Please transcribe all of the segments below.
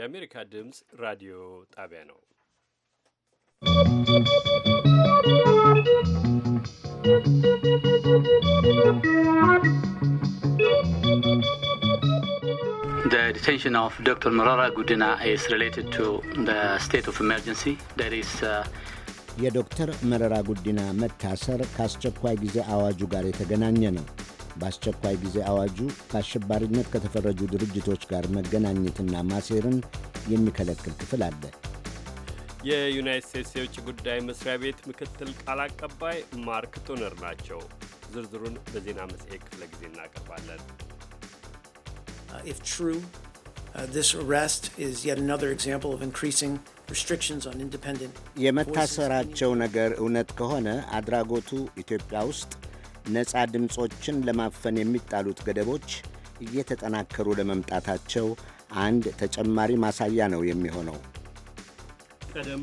የአሜሪካ ድምፅ ራዲዮ ጣቢያ ነው። ዲቴንሽን ኦፍ ዶክተር መረራ ጉዲና ኢዝ ሪሌትድ ቱ ስቴት ኦፍ ኤመርጀንሲ የዶክተር መረራ ጉዲና መታሰር ከአስቸኳይ ጊዜ አዋጁ ጋር የተገናኘ ነው። በአስቸኳይ ጊዜ አዋጁ ከአሸባሪነት ከተፈረጁ ድርጅቶች ጋር መገናኘትና ማሴርን የሚከለክል ክፍል አለ። የዩናይት ስቴትስ የውጭ ጉዳይ መስሪያ ቤት ምክትል ቃል አቀባይ ማርክ ቶነር ናቸው። ዝርዝሩን በዜና መጽሔት ክፍለ ጊዜ እናቀርባለን። uh, uh, የመታሰራቸው ነገር እውነት ከሆነ አድራጎቱ ኢትዮጵያ ውስጥ ነፃ ድምፆችን ለማፈን የሚጣሉት ገደቦች እየተጠናከሩ ለመምጣታቸው አንድ ተጨማሪ ማሳያ ነው የሚሆነው። ቀደም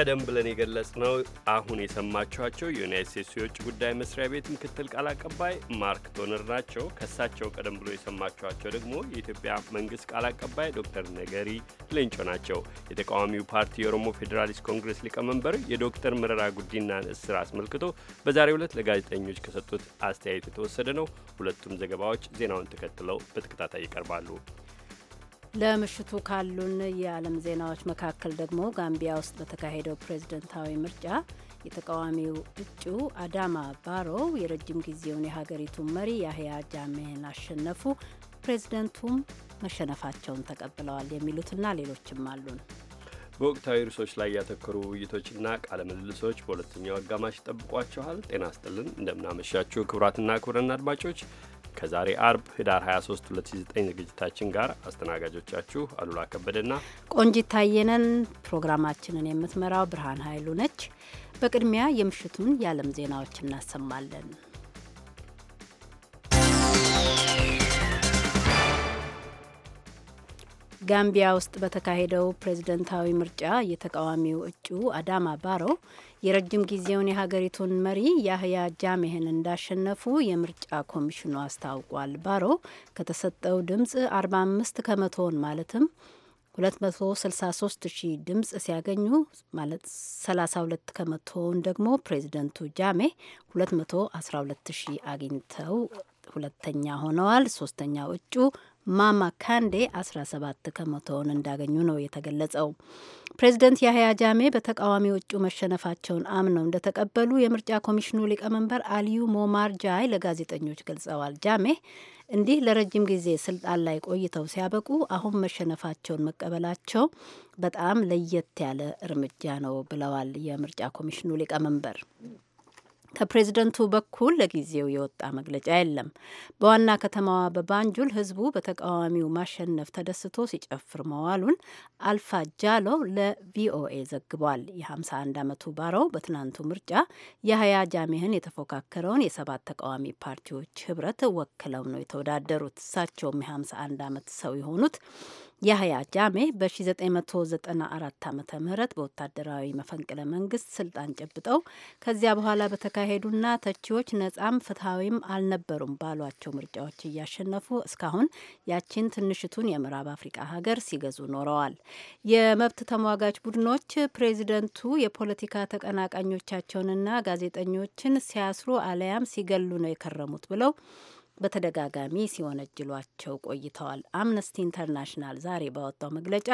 ቀደም ብለን የገለጽ ነው። አሁን የሰማችኋቸው የዩናይት ስቴትስ የውጭ ጉዳይ መስሪያ ቤት ምክትል ቃል አቀባይ ማርክ ቶነር ናቸው። ከሳቸው ቀደም ብሎ የሰማችኋቸው ደግሞ የኢትዮጵያ መንግስት ቃል አቀባይ ዶክተር ነገሪ ሌንጮ ናቸው። የተቃዋሚው ፓርቲ የኦሮሞ ፌዴራሊስት ኮንግሬስ ሊቀመንበር የዶክተር መረራ ጉዲናን እስር አስመልክቶ በዛሬው ዕለት ለጋዜጠኞች ከሰጡት አስተያየት የተወሰደ ነው። ሁለቱም ዘገባዎች ዜናውን ተከትለው በተከታታይ ይቀርባሉ። ለምሽቱ ካሉን የዓለም ዜናዎች መካከል ደግሞ ጋምቢያ ውስጥ በተካሄደው ፕሬዝደንታዊ ምርጫ የተቃዋሚው እጩ አዳማ ባሮ የረጅም ጊዜውን የሀገሪቱን መሪ ያህያ ጃሜን አሸነፉ። ፕሬዝደንቱም መሸነፋቸውን ተቀብለዋል። የሚሉትና ሌሎችም አሉን። በወቅታዊ ርዕሶች ላይ ያተኮሩ ውይይቶችና ቃለ ምልልሶች በሁለተኛው አጋማሽ ይጠብቋችኋል። ጤና ስጥልን፣ እንደምናመሻችሁ ክቡራትና ክቡራን አድማጮች ከዛሬ አርብ ህዳር 23 2009 ዝግጅታችን ጋር አስተናጋጆቻችሁ አሉላ ከበደና ቆንጂት ታየነን። ፕሮግራማችንን የምትመራው ብርሃን ኃይሉ ነች። በቅድሚያ የምሽቱን የዓለም ዜናዎች እናሰማለን። ጋምቢያ ውስጥ በተካሄደው ፕሬዝደንታዊ ምርጫ የተቃዋሚው እጩ አዳማ ባሮ የረጅም ጊዜውን የሀገሪቱን መሪ ያህያ ጃሜህን እንዳሸነፉ የምርጫ ኮሚሽኑ አስታውቋል። ባሮ ከተሰጠው ድምፅ 45 ከመቶውን ማለትም 263 ሺህ ድምፅ ሲያገኙ ማለት 32 ከመቶውን ደግሞ ፕሬዚደንቱ ጃሜ 212 ሺህ አግኝተው ሁለተኛ ሆነዋል። ሶስተኛው እጩ ማማካንዴ 17 ከመቶውን እንዳገኙ ነው የተገለጸው። ፕሬዚደንት ያህያ ጃሜ በተቃዋሚ መሸነፋቸውን አምነው እንደተቀበሉ የምርጫ ኮሚሽኑ ሊቀመንበር አልዩ ሞማር ጃይ ለጋዜጠኞች ገልጸዋል። ጃሜ እንዲህ ለረጅም ጊዜ ስልጣን ላይ ቆይተው ሲያበቁ አሁን መሸነፋቸውን መቀበላቸው በጣም ለየት ያለ እርምጃ ነው ብለዋል የምርጫ ኮሚሽኑ ሊቀመንበር። ከፕሬዝደንቱ በኩል ለጊዜው የወጣ መግለጫ የለም። በዋና ከተማዋ በባንጁል ህዝቡ በተቃዋሚው ማሸነፍ ተደስቶ ሲጨፍር መዋሉን አልፋ ጃሎ ለቪኦኤ ዘግቧል። የ51 ዓመቱ ባረው በትናንቱ ምርጫ የሀያ ጃሜህን የተፎካከረውን የሰባት ተቃዋሚ ፓርቲዎች ህብረት ወክለው ነው የተወዳደሩት። እሳቸውም የ51 ዓመት ሰው የሆኑት ያህያ ጃሜ በ1994 ዓ ም በወታደራዊ መፈንቅለ መንግስት ስልጣን ጨብጠው ከዚያ በኋላ በተካሄዱና ተቺዎች ነጻም ፍትሐዊም አልነበሩም ባሏቸው ምርጫዎች እያሸነፉ እስካሁን ያቺን ትንሽቱን የምዕራብ አፍሪቃ ሀገር ሲገዙ ኖረዋል። የመብት ተሟጋች ቡድኖች ፕሬዚደንቱ የፖለቲካ ተቀናቃኞቻቸውንና ጋዜጠኞችን ሲያስሩ አለያም ሲገሉ ነው የከረሙት ብለው በተደጋጋሚ ሲወነጅሏቸው ቆይተዋል። አምነስቲ ኢንተርናሽናል ዛሬ ባወጣው መግለጫ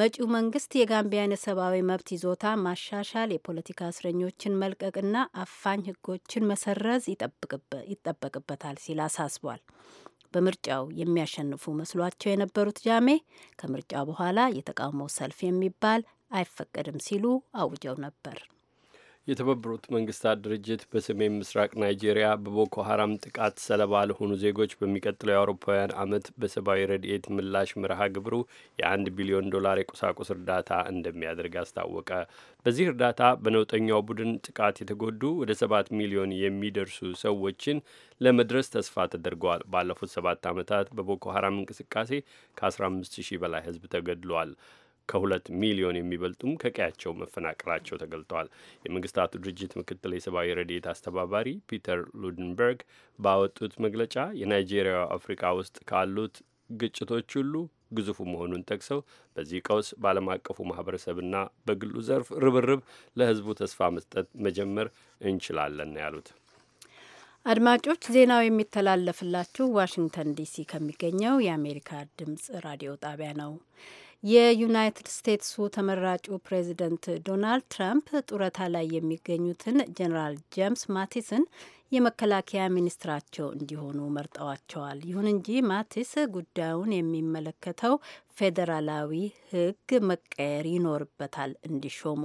መጪው መንግስት የጋምቢያን የሰብአዊ መብት ይዞታ ማሻሻል፣ የፖለቲካ እስረኞችን መልቀቅና አፋኝ ህጎችን መሰረዝ ይጠበቅበታል ሲል አሳስቧል። በምርጫው የሚያሸንፉ መስሏቸው የነበሩት ጃሜ ከምርጫው በኋላ የተቃውሞ ሰልፍ የሚባል አይፈቀድም ሲሉ አውጀው ነበር። የተባበሩት መንግስታት ድርጅት በሰሜን ምስራቅ ናይጄሪያ በቦኮ ሀራም ጥቃት ሰለባ ለሆኑ ዜጎች በሚቀጥለው የአውሮፓውያን ዓመት በሰብአዊ ረድኤት ምላሽ መርሃ ግብሩ የአንድ ቢሊዮን ዶላር የቁሳቁስ እርዳታ እንደሚያደርግ አስታወቀ። በዚህ እርዳታ በነውጠኛው ቡድን ጥቃት የተጎዱ ወደ ሰባት ሚሊዮን የሚደርሱ ሰዎችን ለመድረስ ተስፋ ተደርገዋል። ባለፉት ሰባት ዓመታት በቦኮ ሀራም እንቅስቃሴ ከ15 ሺህ በላይ ህዝብ ተገድሏል። ከሁለት ሚሊዮን የሚበልጡም ከቀያቸው መፈናቀላቸው ተገልጠዋል። የመንግስታቱ ድርጅት ምክትል የሰብአዊ ረድኤት አስተባባሪ ፒተር ሉድንበርግ ባወጡት መግለጫ የናይጄሪያ አፍሪካ ውስጥ ካሉት ግጭቶች ሁሉ ግዙፉ መሆኑን ጠቅሰው በዚህ ቀውስ በዓለም አቀፉ ማህበረሰብና በግሉ ዘርፍ ርብርብ ለህዝቡ ተስፋ መስጠት መጀመር እንችላለን ነው ያሉት። አድማጮች ዜናው የሚተላለፍላችሁ ዋሽንግተን ዲሲ ከሚገኘው የአሜሪካ ድምጽ ራዲዮ ጣቢያ ነው። የዩናይትድ ስቴትሱ ተመራጩ ፕሬዚደንት ዶናልድ ትራምፕ ጡረታ ላይ የሚገኙትን ጀኔራል ጄምስ ማቲስን የመከላከያ ሚኒስትራቸው እንዲሆኑ መርጠዋቸዋል። ይሁን እንጂ ማቲስ ጉዳዩን የሚመለከተው ፌዴራላዊ ሕግ መቀየር ይኖርበታል እንዲሾሙ።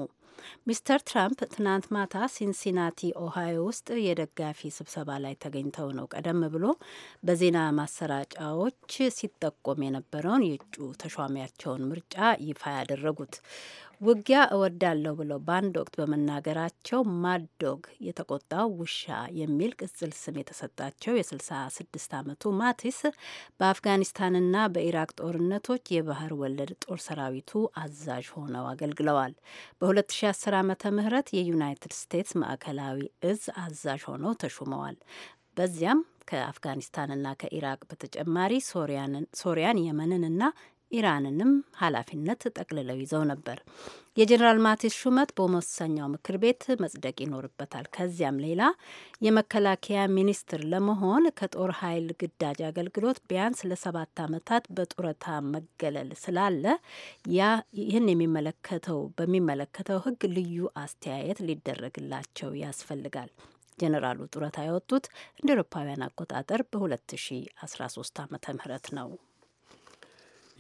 ሚስተር ትራምፕ ትናንት ማታ ሲንሲናቲ ኦሃዮ ውስጥ የደጋፊ ስብሰባ ላይ ተገኝተው ነው ቀደም ብሎ በዜና ማሰራጫዎች ሲጠቆም የነበረውን የእጩ ተሿሚያቸውን ምርጫ ይፋ ያደረጉት። ውጊያ እወዳለሁ ብለው በአንድ ወቅት በመናገራቸው ማዶግ የተቆጣው ውሻ የሚል ቅጽል ስም የተሰጣቸው የ66 ዓመቱ ማቲስ በአፍጋኒስታንና በኢራቅ ጦርነቶች የባህር ወለድ ጦር ሰራዊቱ አዛዥ ሆነው አገልግለዋል። በ2010 ዓመተ ምህረት የዩናይትድ ስቴትስ ማዕከላዊ እዝ አዛዥ ሆነው ተሹመዋል። በዚያም ከአፍጋኒስታንና ከኢራቅ በተጨማሪ ሶሪያን፣ የመንንና ኢራንንም ኃላፊነት ጠቅልለው ይዘው ነበር። የጀኔራል ማቲስ ሹመት በመወሰኛው ምክር ቤት መጽደቅ ይኖርበታል። ከዚያም ሌላ የመከላከያ ሚኒስትር ለመሆን ከጦር ኃይል ግዳጅ አገልግሎት ቢያንስ ለሰባት ዓመታት በጡረታ መገለል ስላለ ያ ይህን የሚመለከተው በሚመለከተው ሕግ ልዩ አስተያየት ሊደረግላቸው ያስፈልጋል። ጀኔራሉ ጡረታ የወጡት እንደ አውሮፓውያን አቆጣጠር በ2013 ዓ ም ነው።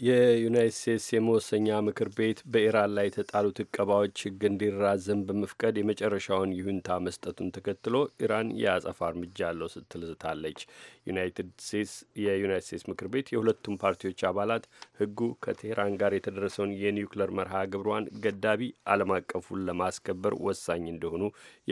የዩናይት ስቴትስ የመወሰኛ ምክር ቤት በኢራን ላይ የተጣሉት እቀባዎች ሕግ እንዲራዘም በመፍቀድ የመጨረሻውን ይሁንታ መስጠቱን ተከትሎ ኢራን የአጸፋ እርምጃ አለው ስትል ዝታለች። ዩናይትድ ስቴትስ የዩናይት ስቴትስ ምክር ቤት የሁለቱም ፓርቲዎች አባላት ሕጉ ከቴህራን ጋር የተደረሰውን የኒውክለር መርሃ ግብሯን ገዳቢ ዓለም አቀፉን ለማስከበር ወሳኝ እንደሆኑ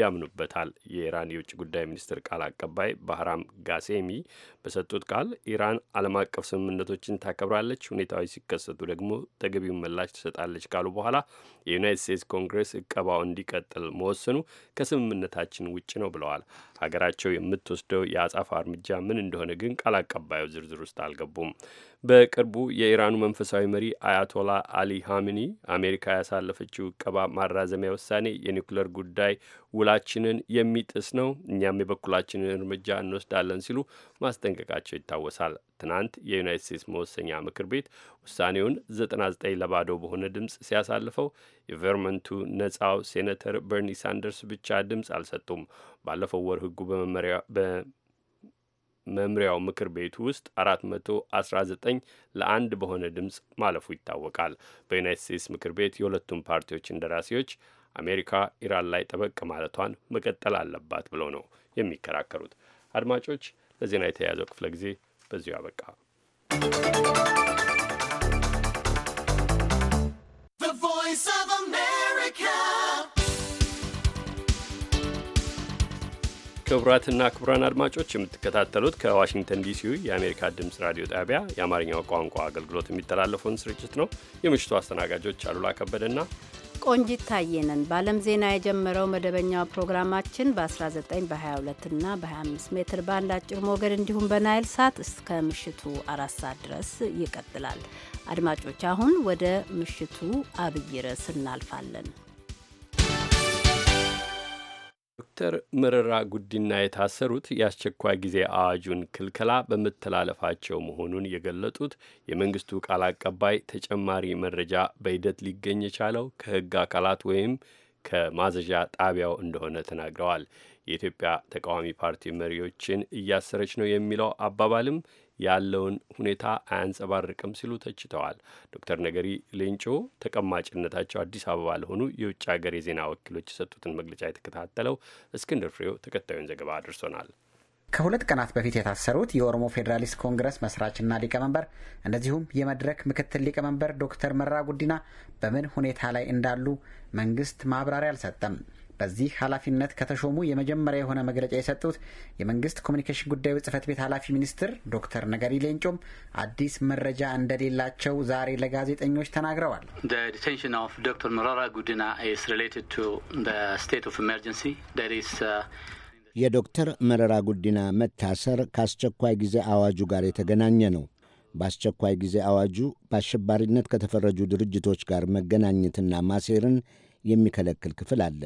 ያምኑበታል። የኢራን የውጭ ጉዳይ ሚኒስትር ቃል አቀባይ ባህራም ጋሴሚ በሰጡት ቃል ኢራን ዓለም አቀፍ ስምምነቶችን ታከብራለች፣ ሁኔታዎች ሲከሰቱ ደግሞ ተገቢውን ምላሽ ትሰጣለች ካሉ በኋላ የዩናይት ስቴትስ ኮንግሬስ እቀባው እንዲቀጥል መወሰኑ ከስምምነታችን ውጭ ነው ብለዋል። ሀገራቸው የምትወስደው የአጻፋ እርምጃ ምን እንደሆነ ግን ቃል አቀባዩ ዝርዝር ውስጥ አልገቡም። በቅርቡ የኢራኑ መንፈሳዊ መሪ አያቶላ አሊ ሀሚኒ አሜሪካ ያሳለፈችው እቀባ ማራዘሚያ ውሳኔ የኒኩለር ጉዳይ ውላችንን የሚጥስ ነው፣ እኛም የበኩላችንን እርምጃ እንወስዳለን ሲሉ ማስጠንቀቃቸው ይታወሳል። ትናንት የዩናይት ስቴትስ መወሰኛ ምክር ቤት ውሳኔውን 99 ለባዶ በሆነ ድምፅ ሲያሳልፈው የቨርመንቱ ነጻው ሴኔተር በርኒ ሳንደርስ ብቻ ድምፅ አልሰጡም። ባለፈው ወር ህጉ በመምሪያው ምክር ቤቱ ውስጥ 419 ለአንድ በሆነ ድምፅ ማለፉ ይታወቃል። በዩናይት ስቴትስ ምክር ቤት የሁለቱም ፓርቲዎች እንደራሴዎች አሜሪካ ኢራን ላይ ጠበቅ ማለቷን መቀጠል አለባት ብለው ነው የሚከራከሩት። አድማጮች፣ ለዜና የተያዘው ክፍለ ጊዜ በዚሁ ያበቃ። ክቡራትና ክቡራን አድማጮች የምትከታተሉት ከዋሽንግተን ዲሲው የአሜሪካ ድምፅ ራዲዮ ጣቢያ የአማርኛው ቋንቋ አገልግሎት የሚተላለፈውን ስርጭት ነው። የምሽቱ አስተናጋጆች አሉላ ከበደና ቆንጂት ታየነን። በዓለም ዜና የጀመረው መደበኛው ፕሮግራማችን በ19 በ22 እና በ25 ሜትር ባንድ አጭር ሞገድ እንዲሁም በናይል ሳት እስከ ምሽቱ አራት ሰዓት ድረስ ይቀጥላል። አድማጮች አሁን ወደ ምሽቱ አብይ ርዕስ እናልፋለን። ዶክተር መረራ ጉዲና የታሰሩት የአስቸኳይ ጊዜ አዋጁን ክልከላ በመተላለፋቸው መሆኑን የገለጡት የመንግስቱ ቃል አቀባይ ተጨማሪ መረጃ በሂደት ሊገኝ የቻለው ከህግ አካላት ወይም ከማዘዣ ጣቢያው እንደሆነ ተናግረዋል። የኢትዮጵያ ተቃዋሚ ፓርቲ መሪዎችን እያሰረች ነው የሚለው አባባልም ያለውን ሁኔታ አያንጸባርቅም ሲሉ ተችተዋል። ዶክተር ነገሪ ሌንጮ ተቀማጭነታቸው አዲስ አበባ ለሆኑ የውጭ ሀገር የዜና ወኪሎች የሰጡትን መግለጫ የተከታተለው እስክንድር ፍሬው ተከታዩን ዘገባ አድርሶናል። ከሁለት ቀናት በፊት የታሰሩት የኦሮሞ ፌዴራሊስት ኮንግረስ መስራችና ሊቀመንበር እንደዚሁም የመድረክ ምክትል ሊቀመንበር ዶክተር መራጉዲና ጉዲና በምን ሁኔታ ላይ እንዳሉ መንግስት ማብራሪያ አልሰጠም። በዚህ ኃላፊነት ከተሾሙ የመጀመሪያ የሆነ መግለጫ የሰጡት የመንግስት ኮሚኒኬሽን ጉዳዩ ጽህፈት ቤት ኃላፊ ሚኒስትር ዶክተር ነገሪ ሌንጮም አዲስ መረጃ እንደሌላቸው ዛሬ ለጋዜጠኞች ተናግረዋል። ዶክተር መረራ ጉዲና የዶክተር መረራ ጉዲና መታሰር ከአስቸኳይ ጊዜ አዋጁ ጋር የተገናኘ ነው። በአስቸኳይ ጊዜ አዋጁ በአሸባሪነት ከተፈረጁ ድርጅቶች ጋር መገናኘትና ማሴርን የሚከለክል ክፍል አለ።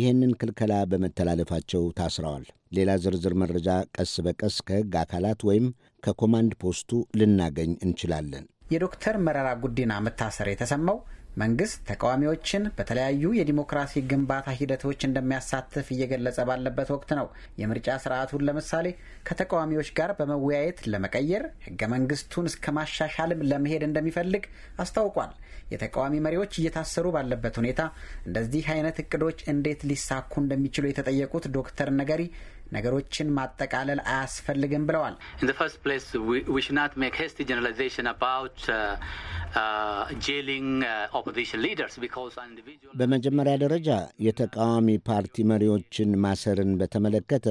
ይህንን ክልከላ በመተላለፋቸው ታስረዋል። ሌላ ዝርዝር መረጃ ቀስ በቀስ ከሕግ አካላት ወይም ከኮማንድ ፖስቱ ልናገኝ እንችላለን። የዶክተር መረራ ጉዲና መታሰር የተሰማው መንግስት ተቃዋሚዎችን በተለያዩ የዲሞክራሲ ግንባታ ሂደቶች እንደሚያሳትፍ እየገለጸ ባለበት ወቅት ነው። የምርጫ ስርዓቱን ለምሳሌ ከተቃዋሚዎች ጋር በመወያየት ለመቀየር ህገ መንግስቱን እስከ ማሻሻልም ለመሄድ እንደሚፈልግ አስታውቋል። የተቃዋሚ መሪዎች እየታሰሩ ባለበት ሁኔታ እንደዚህ አይነት እቅዶች እንዴት ሊሳኩ እንደሚችሉ የተጠየቁት ዶክተር ነገሪ ነገሮችን ማጠቃለል አያስፈልግም ብለዋል። uh, uh, uh, በመጀመሪያ ደረጃ የተቃዋሚ ፓርቲ መሪዎችን ማሰርን በተመለከተ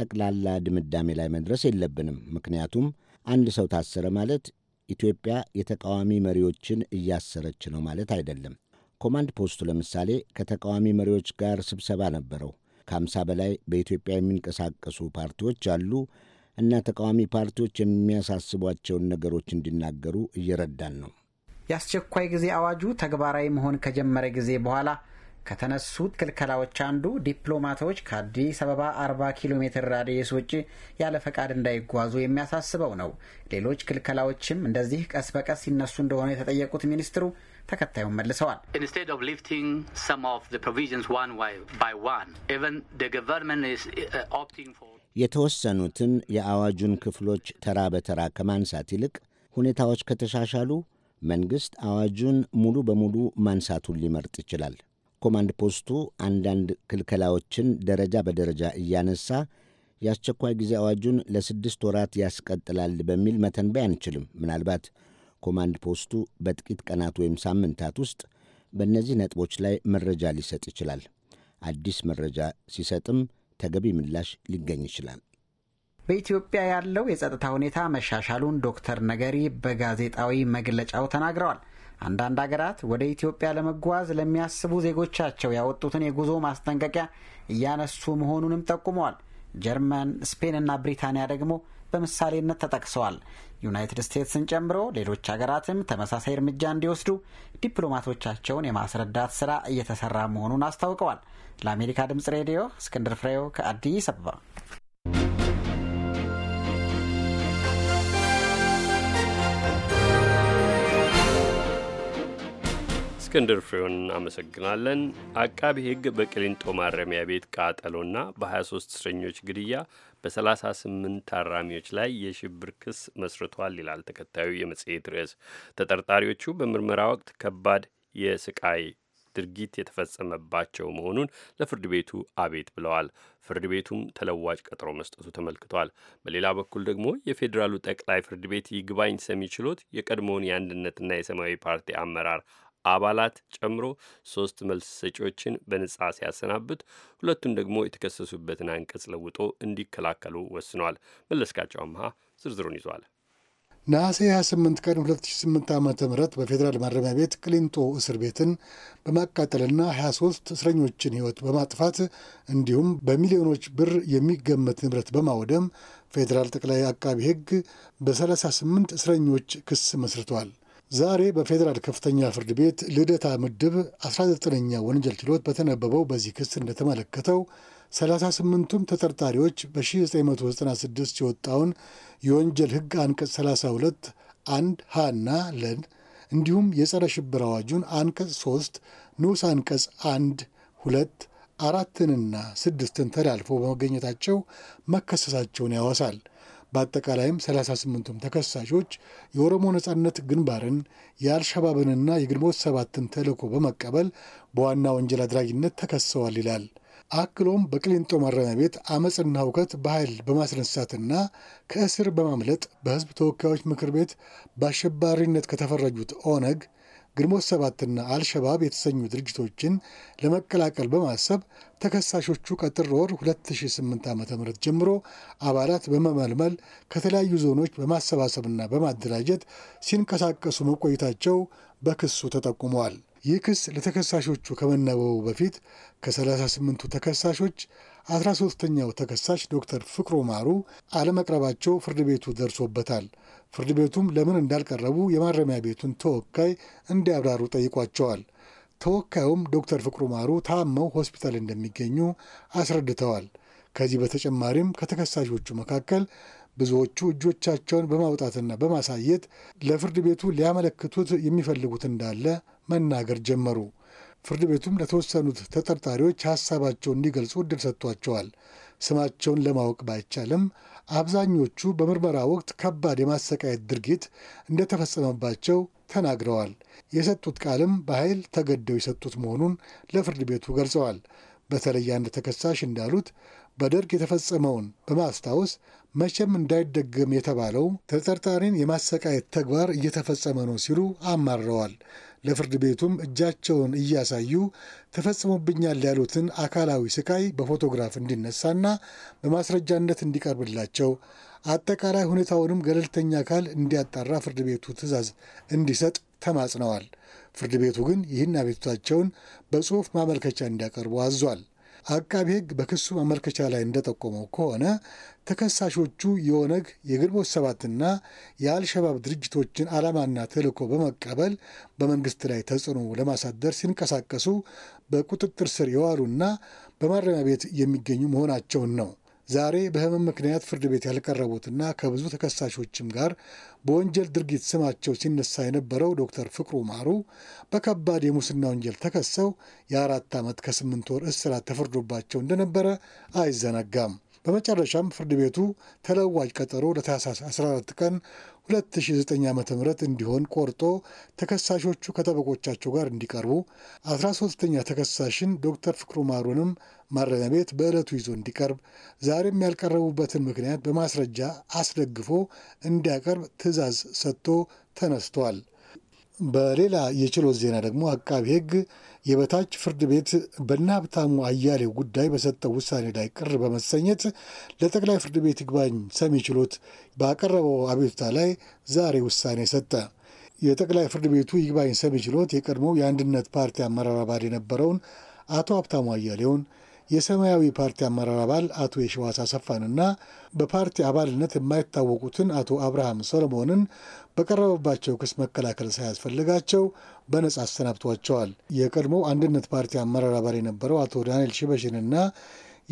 ጠቅላላ ድምዳሜ ላይ መድረስ የለብንም። ምክንያቱም አንድ ሰው ታሰረ ማለት ኢትዮጵያ የተቃዋሚ መሪዎችን እያሰረች ነው ማለት አይደለም። ኮማንድ ፖስቱ ለምሳሌ ከተቃዋሚ መሪዎች ጋር ስብሰባ ነበረው። ከአምሳ በላይ በኢትዮጵያ የሚንቀሳቀሱ ፓርቲዎች አሉ እና ተቃዋሚ ፓርቲዎች የሚያሳስቧቸውን ነገሮች እንዲናገሩ እየረዳን ነው። የአስቸኳይ ጊዜ አዋጁ ተግባራዊ መሆን ከጀመረ ጊዜ በኋላ ከተነሱት ክልከላዎች አንዱ ዲፕሎማቶች ከአዲስ አበባ 40 ኪሎ ሜትር ራዲየስ ውጭ ያለ ፈቃድ እንዳይጓዙ የሚያሳስበው ነው። ሌሎች ክልከላዎችም እንደዚህ ቀስ በቀስ ሲነሱ እንደሆነ የተጠየቁት ሚኒስትሩ ተከታዩን መልሰዋል። uh, የተወሰኑትን የአዋጁን ክፍሎች ተራ በተራ ከማንሳት ይልቅ ሁኔታዎች ከተሻሻሉ መንግሥት አዋጁን ሙሉ በሙሉ ማንሳቱን ሊመርጥ ይችላል። ኮማንድ ፖስቱ አንዳንድ ክልከላዎችን ደረጃ በደረጃ እያነሳ የአስቸኳይ ጊዜ አዋጁን ለስድስት ወራት ያስቀጥላል በሚል መተንበይ አንችልም። ምናልባት ኮማንድ ፖስቱ በጥቂት ቀናት ወይም ሳምንታት ውስጥ በእነዚህ ነጥቦች ላይ መረጃ ሊሰጥ ይችላል። አዲስ መረጃ ሲሰጥም ተገቢ ምላሽ ሊገኝ ይችላል። በኢትዮጵያ ያለው የጸጥታ ሁኔታ መሻሻሉን ዶክተር ነገሪ በጋዜጣዊ መግለጫው ተናግረዋል። አንዳንድ አገራት ወደ ኢትዮጵያ ለመጓዝ ለሚያስቡ ዜጎቻቸው ያወጡትን የጉዞ ማስጠንቀቂያ እያነሱ መሆኑንም ጠቁመዋል። ጀርመን፣ ስፔንና ብሪታንያ ደግሞ በምሳሌነት ተጠቅሰዋል። ዩናይትድ ስቴትስን ጨምሮ ሌሎች ሀገራትም ተመሳሳይ እርምጃ እንዲወስዱ ዲፕሎማቶቻቸውን የማስረዳት ስራ እየተሰራ መሆኑን አስታውቀዋል። ለአሜሪካ ድምጽ ሬዲዮ እስክንድር ፍሬው ከአዲስ አበባ እስክንድር ፍሬውን እናመሰግናለን። አቃቢ ሕግ በቅሊንጦ ማረሚያ ቤት ቃጠሎና በ23 እስረኞች ግድያ በ38 ታራሚዎች ላይ የሽብር ክስ መስርቷል ይላል ተከታዩ የመጽሔት ርዕስ። ተጠርጣሪዎቹ በምርመራ ወቅት ከባድ የስቃይ ድርጊት የተፈጸመባቸው መሆኑን ለፍርድ ቤቱ አቤት ብለዋል። ፍርድ ቤቱም ተለዋጭ ቀጠሮ መስጠቱ ተመልክቷል። በሌላ በኩል ደግሞ የፌዴራሉ ጠቅላይ ፍርድ ቤት ይግባኝ ሰሚ ችሎት የቀድሞውን የአንድነትና የሰማያዊ ፓርቲ አመራር አባላት ጨምሮ ሶስት መልስ ሰጪዎችን በነጻ ሲያሰናብት ሁለቱን ደግሞ የተከሰሱበትን አንቀጽ ለውጦ እንዲከላከሉ ወስኗል። መለስካቸው አምሃ ዝርዝሩን ይዟል። ነሐሴ 28 ቀን 2008 ዓ ም በፌዴራል ማረሚያ ቤት ቅሊንጦ እስር ቤትን በማቃጠልና 23 እስረኞችን ሕይወት በማጥፋት እንዲሁም በሚሊዮኖች ብር የሚገመት ንብረት በማውደም ፌዴራል ጠቅላይ አቃቢ ሕግ በ38 እስረኞች ክስ መስርቷል። ዛሬ በፌዴራል ከፍተኛ ፍርድ ቤት ልደታ ምድብ 19ኛ ወንጀል ችሎት በተነበበው በዚህ ክስ እንደተመለከተው 38ቱም ተጠርጣሪዎች በ1996 የወጣውን የወንጀል ሕግ አንቀጽ 32 አንድ ሀ እና ለን እንዲሁም የጸረ ሽብር አዋጁን አንቀጽ 3 ንዑስ አንቀጽ 1 2 አራትንና ስድስትን ተላልፎ በመገኘታቸው መከሰሳቸውን ያወሳል። በአጠቃላይም 38ቱም ተከሳሾች የኦሮሞ ነጻነት ግንባርን የአልሸባብንና የግንቦት ሰባትን ተልዕኮ በመቀበል በዋና ወንጀል አድራጊነት ተከሰዋል ይላል። አክሎም በቅሊንጦ ማረሚያ ቤት አመፅና ሁከት በኃይል በማስነሳትና ከእስር በማምለጥ በሕዝብ ተወካዮች ምክር ቤት በአሸባሪነት ከተፈረጁት ኦነግ፣ ግንቦት ሰባትና አልሸባብ የተሰኙ ድርጅቶችን ለመቀላቀል በማሰብ ተከሳሾቹ ከጥር ወር 2008 ዓ ም ጀምሮ አባላት በመመልመል ከተለያዩ ዞኖች በማሰባሰብና በማደራጀት ሲንቀሳቀሱ መቆየታቸው በክሱ ተጠቁመዋል። ይህ ክስ ለተከሳሾቹ ከመነበቡ በፊት ከ38ቱ ተከሳሾች 13ተኛው ተከሳሽ ዶክተር ፍቅሮ ማሩ አለመቅረባቸው ፍርድ ቤቱ ደርሶበታል። ፍርድ ቤቱም ለምን እንዳልቀረቡ የማረሚያ ቤቱን ተወካይ እንዲያብራሩ ጠይቋቸዋል። ተወካዩም ዶክተር ፍቅሩ ማሩ ታመው ሆስፒታል እንደሚገኙ አስረድተዋል። ከዚህ በተጨማሪም ከተከሳሾቹ መካከል ብዙዎቹ እጆቻቸውን በማውጣትና በማሳየት ለፍርድ ቤቱ ሊያመለክቱት የሚፈልጉት እንዳለ መናገር ጀመሩ። ፍርድ ቤቱም ለተወሰኑት ተጠርጣሪዎች ሀሳባቸውን እንዲገልጹ እድል ሰጥቷቸዋል። ስማቸውን ለማወቅ ባይቻልም አብዛኞቹ በምርመራ ወቅት ከባድ የማሰቃየት ድርጊት እንደተፈጸመባቸው ተናግረዋል። የሰጡት ቃልም በኃይል ተገደው የሰጡት መሆኑን ለፍርድ ቤቱ ገልጸዋል። በተለይ አንድ ተከሳሽ እንዳሉት በደርግ የተፈጸመውን በማስታወስ መቼም እንዳይደገም የተባለው ተጠርጣሪን የማሰቃየት ተግባር እየተፈጸመ ነው ሲሉ አማረዋል። ለፍርድ ቤቱም እጃቸውን እያሳዩ ተፈጽሞብኛል ያሉትን አካላዊ ስቃይ በፎቶግራፍ እንዲነሳና በማስረጃነት እንዲቀርብላቸው አጠቃላይ ሁኔታውንም ገለልተኛ አካል እንዲያጣራ ፍርድ ቤቱ ትዕዛዝ እንዲሰጥ ተማጽነዋል። ፍርድ ቤቱ ግን ይህን አቤቱታቸውን በጽሑፍ ማመልከቻ እንዲያቀርቡ አዟል። አቃቢ ሕግ በክሱ ማመልከቻ ላይ እንደጠቆመው ከሆነ ተከሳሾቹ የኦነግ የግንቦት ሰባትና የአልሸባብ ድርጅቶችን ዓላማና ተልዕኮ በመቀበል በመንግስት ላይ ተጽዕኖ ለማሳደር ሲንቀሳቀሱ በቁጥጥር ስር የዋሉና በማረሚያ ቤት የሚገኙ መሆናቸውን ነው። ዛሬ በህመም ምክንያት ፍርድ ቤት ያልቀረቡትና ከብዙ ተከሳሾችም ጋር በወንጀል ድርጊት ስማቸው ሲነሳ የነበረው ዶክተር ፍቅሩ ማሩ በከባድ የሙስና ወንጀል ተከሰው የአራት ዓመት ከስምንት ወር እስራት ተፈርዶባቸው እንደነበረ አይዘነጋም። በመጨረሻም ፍርድ ቤቱ ተለዋጭ ቀጠሮ ለታህሳስ 14 ቀን 2009 ዓ.ም እንዲሆን ቆርጦ ተከሳሾቹ ከጠበቆቻቸው ጋር እንዲቀርቡ፣ 13ተኛ ተከሳሽን ዶክተር ፍቅሩ ማሩንም ማረሚያ ቤት በዕለቱ ይዞ እንዲቀርብ፣ ዛሬም ያልቀረቡበትን ምክንያት በማስረጃ አስደግፎ እንዲያቀርብ ትዕዛዝ ሰጥቶ ተነስቷል። በሌላ የችሎት ዜና ደግሞ አቃቢ ሕግ የበታች ፍርድ ቤት በእነ ሀብታሙ አያሌው ጉዳይ በሰጠው ውሳኔ ላይ ቅር በመሰኘት ለጠቅላይ ፍርድ ቤት ይግባኝ ሰሚ ችሎት ባቀረበው አቤቱታ ላይ ዛሬ ውሳኔ ሰጠ። የጠቅላይ ፍርድ ቤቱ ይግባኝ ሰሚ ችሎት የቀድሞው የአንድነት ፓርቲ አመራር አባል የነበረውን አቶ ሀብታሙ አያሌውን የሰማያዊ ፓርቲ አመራር አባል አቶ የሸዋስ አሰፋንና በፓርቲ አባልነት የማይታወቁትን አቶ አብርሃም ሰሎሞንን በቀረበባቸው ክስ መከላከል ሳያስፈልጋቸው በነጻ አሰናብቷቸዋል። የቀድሞ አንድነት ፓርቲ አመራር አባል የነበረው አቶ ዳንኤል ሽበሽንና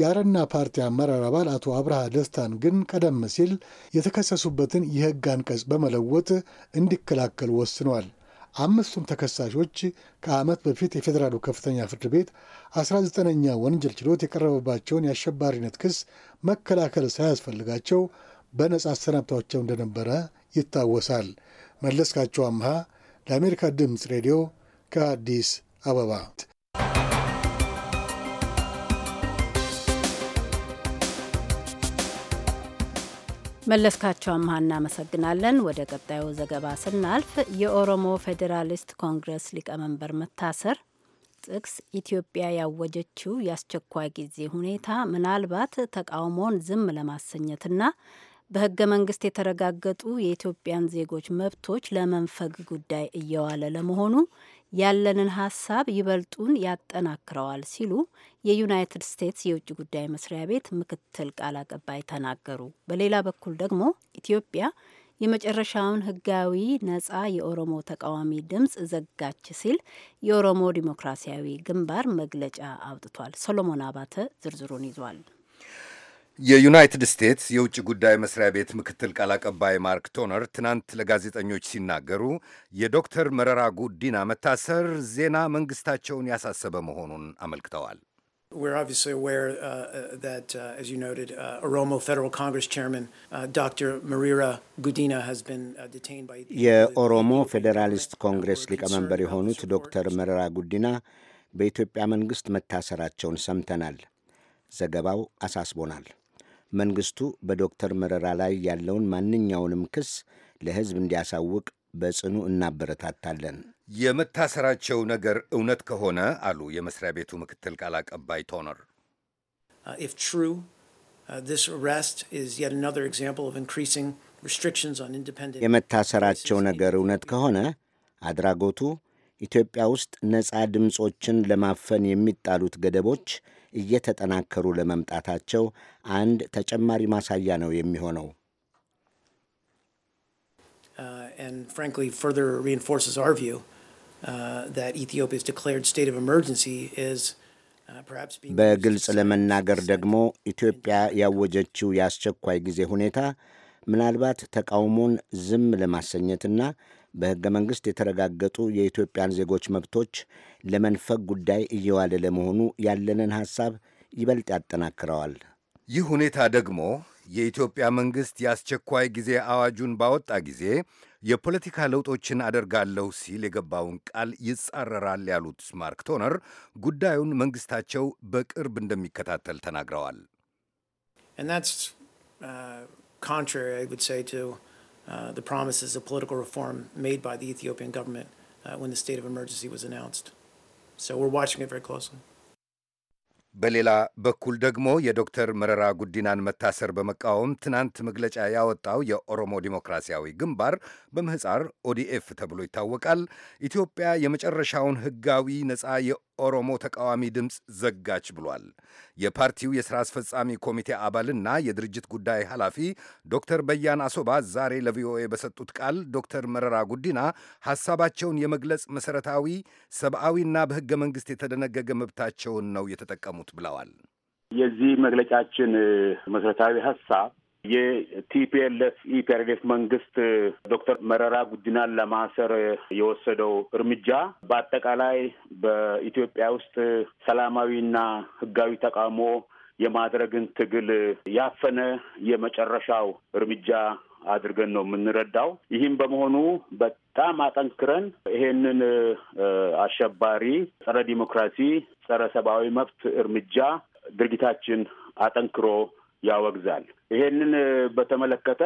የአረና ፓርቲ አመራር አባል አቶ አብርሃ ደስታን ግን ቀደም ሲል የተከሰሱበትን የሕግ አንቀጽ በመለወጥ እንዲከላከል ወስኗል። አምስቱም ተከሳሾች ከዓመት በፊት የፌዴራሉ ከፍተኛ ፍርድ ቤት 19ኛ ወንጀል ችሎት የቀረበባቸውን የአሸባሪነት ክስ መከላከል ሳያስፈልጋቸው በነጻ አሰናብቷቸው እንደነበረ ይታወሳል። መለስካቸው አምሃ ለአሜሪካ ድምፅ ሬዲዮ ከአዲስ አበባ መለስካቸው አምሃ እናመሰግናለን። ወደ ቀጣዩ ዘገባ ስናልፍ የኦሮሞ ፌዴራሊስት ኮንግረስ ሊቀመንበር መታሰር ጥቅስ ኢትዮጵያ ያወጀችው የአስቸኳይ ጊዜ ሁኔታ ምናልባት ተቃውሞን ዝም ለማሰኘትና በህገ መንግስት የተረጋገጡ የኢትዮጵያን ዜጎች መብቶች ለመንፈግ ጉዳይ እየዋለ ለመሆኑ ያለንን ሀሳብ ይበልጡን ያጠናክረዋል ሲሉ የዩናይትድ ስቴትስ የውጭ ጉዳይ መስሪያ ቤት ምክትል ቃል አቀባይ ተናገሩ። በሌላ በኩል ደግሞ ኢትዮጵያ የመጨረሻውን ህጋዊ ነጻ የኦሮሞ ተቃዋሚ ድምፅ ዘጋች ሲል የኦሮሞ ዲሞክራሲያዊ ግንባር መግለጫ አውጥቷል። ሶሎሞን አባተ ዝርዝሩን ይዟል። የዩናይትድ ስቴትስ የውጭ ጉዳይ መስሪያ ቤት ምክትል ቃል አቀባይ ማርክ ቶነር ትናንት ለጋዜጠኞች ሲናገሩ የዶክተር መረራ ጉዲና መታሰር ዜና መንግስታቸውን ያሳሰበ መሆኑን አመልክተዋል። uh, uh, የኦሮሞ ፌዴራሊስት ኮንግሬስ uh, ሊቀመንበር የሆኑት ዶክተር መረራ ጉዲና በኢትዮጵያ መንግስት መታሰራቸውን ሰምተናል። ዘገባው አሳስቦናል። መንግስቱ በዶክተር መረራ ላይ ያለውን ማንኛውንም ክስ ለህዝብ እንዲያሳውቅ በጽኑ እናበረታታለን። የመታሰራቸው ነገር እውነት ከሆነ አሉ የመስሪያ ቤቱ ምክትል ቃል አቀባይ ቶነር uh, uh, የመታሰራቸው ነገር እውነት ከሆነ አድራጎቱ ኢትዮጵያ ውስጥ ነፃ ድምፆችን ለማፈን የሚጣሉት ገደቦች እየተጠናከሩ ለመምጣታቸው አንድ ተጨማሪ ማሳያ ነው የሚሆነው። uh, uh, uh, በግልጽ ለመናገር ደግሞ ኢትዮጵያ ያወጀችው የአስቸኳይ ጊዜ ሁኔታ ምናልባት ተቃውሞን ዝም ለማሰኘትና በሕገ መንግሥት የተረጋገጡ የኢትዮጵያን ዜጎች መብቶች ለመንፈግ ጉዳይ እየዋለ ለመሆኑ ያለንን ሐሳብ ይበልጥ ያጠናክረዋል። ይህ ሁኔታ ደግሞ የኢትዮጵያ መንግሥት የአስቸኳይ ጊዜ አዋጁን ባወጣ ጊዜ የፖለቲካ ለውጦችን አደርጋለሁ ሲል የገባውን ቃል ይጻረራል ያሉት ማርክ ቶነር ጉዳዩን መንግሥታቸው በቅርብ እንደሚከታተል ተናግረዋል። uh, Uh, the promises of political reform made by the Ethiopian government uh, when the state of emergency was announced. So we're watching it very closely. በሌላ በኩል ደግሞ የዶክተር መረራ ጉዲናን መታሰር በመቃወም ትናንት መግለጫ ያወጣው የኦሮሞ ዲሞክራሲያዊ ግንባር በምህፃር ኦዲኤፍ ተብሎ ይታወቃል። ኢትዮጵያ የመጨረሻውን ሕጋዊ ነፃ የኦሮሞ ተቃዋሚ ድምፅ ዘጋች ብሏል። የፓርቲው የሥራ አስፈጻሚ ኮሚቴ አባልና የድርጅት ጉዳይ ኃላፊ ዶክተር በያን አሶባ ዛሬ ለቪኦኤ በሰጡት ቃል ዶክተር መረራ ጉዲና ሐሳባቸውን የመግለጽ መሠረታዊ ሰብአዊና በሕገ መንግሥት የተደነገገ መብታቸውን ነው የተጠቀሙት ብለዋል። የዚህ መግለጫችን መሠረታዊ ሐሳብ የቲፒኤልኤፍ ኢፒአርዴፍ መንግስት ዶክተር መረራ ጉዲናን ለማሰር የወሰደው እርምጃ በአጠቃላይ በኢትዮጵያ ውስጥ ሰላማዊና ህጋዊ ተቃውሞ የማድረግን ትግል ያፈነ የመጨረሻው እርምጃ አድርገን ነው የምንረዳው። ይህም በመሆኑ በጣም አጠንክረን ይሄንን አሸባሪ ጸረ ዲሞክራሲ፣ ጸረ ሰብአዊ መብት እርምጃ ድርጊታችን አጠንክሮ ያወግዛል። ይሄንን በተመለከተ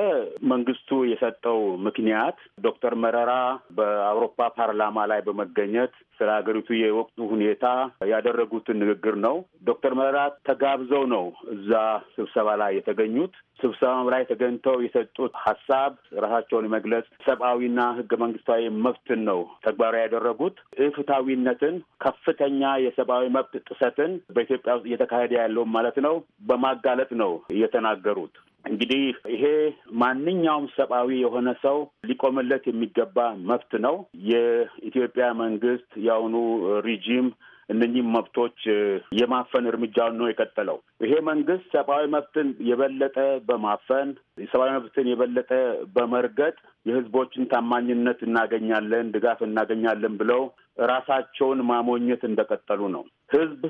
መንግስቱ የሰጠው ምክንያት ዶክተር መረራ በአውሮፓ ፓርላማ ላይ በመገኘት ስለ ሀገሪቱ የወቅቱ ሁኔታ ያደረጉትን ንግግር ነው። ዶክተር መረራ ተጋብዘው ነው እዛ ስብሰባ ላይ የተገኙት። ስብሰባም ላይ ተገኝተው የሰጡት ሀሳብ ራሳቸውን መግለጽ ሰብአዊና ህገ መንግስታዊ መብትን ነው ተግባራዊ ያደረጉት። ኢፍትሐዊነትን፣ ከፍተኛ የሰብአዊ መብት ጥሰትን በኢትዮጵያ ውስጥ እየተካሄደ ያለውን ማለት ነው በማጋለጥ ነው የተናገሩት። እንግዲህ ይሄ ማንኛውም ሰብአዊ የሆነ ሰው ሊቆምለት የሚገባ መብት ነው። የኢትዮጵያ መንግስት የአሁኑ ሪጂም እነኚህ መብቶች የማፈን እርምጃውን ነው የቀጠለው። ይሄ መንግስት ሰብአዊ መብትን የበለጠ በማፈን የሰብአዊ መብትን የበለጠ በመርገጥ የህዝቦችን ታማኝነት እናገኛለን፣ ድጋፍ እናገኛለን ብለው ራሳቸውን ማሞኘት እንደቀጠሉ ነው። ህዝብ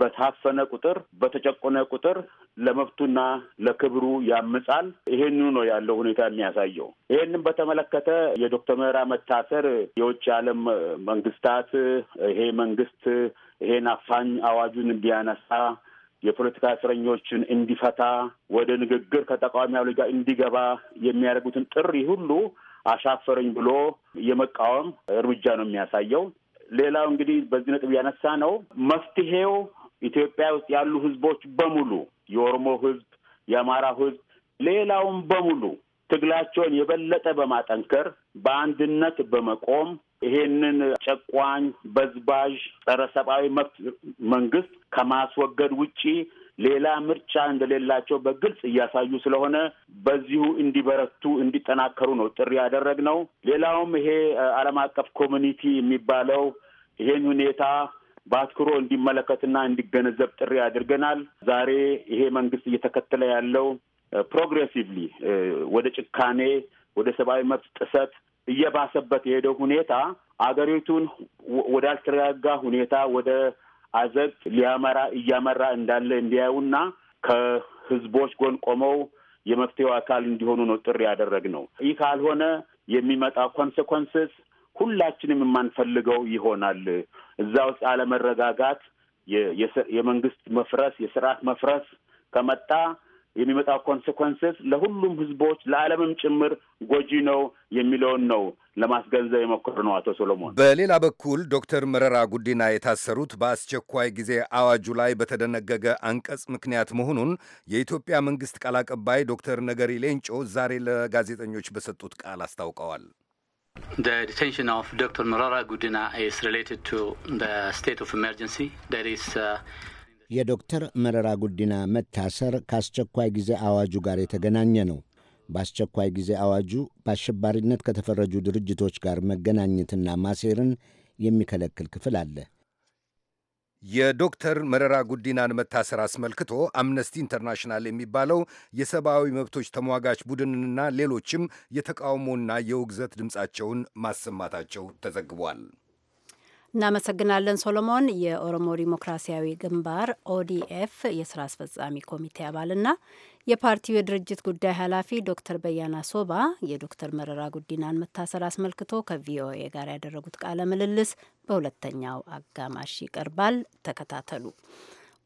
በታፈነ ቁጥር፣ በተጨቆነ ቁጥር ለመብቱና ለክብሩ ያምጻል። ይሄኑ ነው ያለው ሁኔታ የሚያሳየው። ይሄንም በተመለከተ የዶክተር መራ መታሰር የውጭ ዓለም መንግስታት ይሄ መንግስት ይሄን አፋኝ አዋጁን እንዲያነሳ የፖለቲካ እስረኞችን እንዲፈታ ወደ ንግግር ከተቃዋሚ ኃይሎች ጋር እንዲገባ የሚያደርጉትን ጥሪ ሁሉ አሻፈረኝ ብሎ የመቃወም እርምጃ ነው የሚያሳየው። ሌላው እንግዲህ በዚህ ነጥብ ያነሳ ነው መፍትሄው ኢትዮጵያ ውስጥ ያሉ ህዝቦች በሙሉ የኦሮሞ ህዝብ፣ የአማራ ህዝብ፣ ሌላውም በሙሉ ትግላቸውን የበለጠ በማጠንከር በአንድነት በመቆም ይሄንን ጨቋኝ፣ በዝባዥ፣ ጸረ ሰብአዊ መብት መንግስት ከማስወገድ ውጪ ሌላ ምርጫ እንደሌላቸው በግልጽ እያሳዩ ስለሆነ በዚሁ እንዲበረቱ እንዲጠናከሩ ነው ጥሪ ያደረግነው። ሌላውም ይሄ ዓለም አቀፍ ኮሚኒቲ የሚባለው ይሄን ሁኔታ በአትኩሮ እንዲመለከትና እንዲገነዘብ ጥሪ አድርገናል። ዛሬ ይሄ መንግስት እየተከተለ ያለው ፕሮግሬሲቭሊ ወደ ጭካኔ፣ ወደ ሰብአዊ መብት ጥሰት እየባሰበት የሄደው ሁኔታ አገሪቱን ወዳልተረጋጋ ሁኔታ ወደ አዘቅት ሊያመራ እያመራ እንዳለ እንዲያዩና ከህዝቦች ጎን ቆመው የመፍትሄው አካል እንዲሆኑ ነው ጥሪ ያደረግነው። ይህ ካልሆነ የሚመጣ ኮንሴኮንስስ ሁላችንም የማንፈልገው ይሆናል። እዛ ውስጥ አለመረጋጋት፣ የመንግስት መፍረስ፣ የስርዓት መፍረስ ከመጣ የሚመጣው ኮንስኮንስስ ለሁሉም ህዝቦች ለዓለምም ጭምር ጎጂ ነው የሚለውን ነው ለማስገንዘብ የሞከሩ ነው አቶ ሶሎሞን። በሌላ በኩል ዶክተር መረራ ጉዲና የታሰሩት በአስቸኳይ ጊዜ አዋጁ ላይ በተደነገገ አንቀጽ ምክንያት መሆኑን የኢትዮጵያ መንግስት ቃል አቀባይ ዶክተር ነገሪ ሌንጮ ዛሬ ለጋዜጠኞች በሰጡት ቃል አስታውቀዋል። ዲቴንሽን ኦፍ ዶክተር መረራ ጉዲና ኢዝ ስቴት ኦፍ የዶክተር መረራ ጉዲና መታሰር ከአስቸኳይ ጊዜ አዋጁ ጋር የተገናኘ ነው። በአስቸኳይ ጊዜ አዋጁ በአሸባሪነት ከተፈረጁ ድርጅቶች ጋር መገናኘትና ማሴርን የሚከለክል ክፍል አለ። የዶክተር መረራ ጉዲናን መታሰር አስመልክቶ አምነስቲ ኢንተርናሽናል የሚባለው የሰብአዊ መብቶች ተሟጋች ቡድንና ሌሎችም የተቃውሞና የውግዘት ድምፃቸውን ማሰማታቸው ተዘግቧል። እናመሰግናለን ሶሎሞን። የኦሮሞ ዲሞክራሲያዊ ግንባር ኦዲኤፍ የስራ አስፈጻሚ ኮሚቴ አባልና የፓርቲው የድርጅት ጉዳይ ኃላፊ ዶክተር በያና ሶባ የዶክተር መረራ ጉዲናን መታሰር አስመልክቶ ከቪኦኤ ጋር ያደረጉት ቃለ ምልልስ በሁለተኛው አጋማሽ ይቀርባል። ተከታተሉ።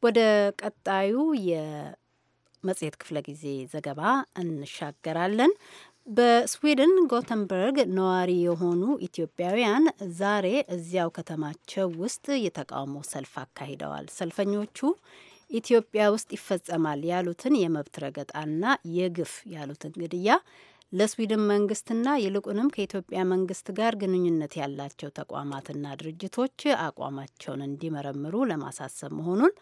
ወደ ቀጣዩ የመጽሔት ክፍለ ጊዜ ዘገባ እንሻገራለን። በስዊድን ጎተንበርግ ነዋሪ የሆኑ ኢትዮጵያውያን ዛሬ እዚያው ከተማቸው ውስጥ የተቃውሞ ሰልፍ አካሂደዋል። ሰልፈኞቹ ኢትዮጵያ ውስጥ ይፈጸማል ያሉትን የመብት ረገጣና የግፍ ያሉትን ግድያ ለስዊድን መንግስትና ይልቁንም ከኢትዮጵያ መንግስት ጋር ግንኙነት ያላቸው ተቋማትና ድርጅቶች አቋማቸውን እንዲመረምሩ ለማሳሰብ መሆኑን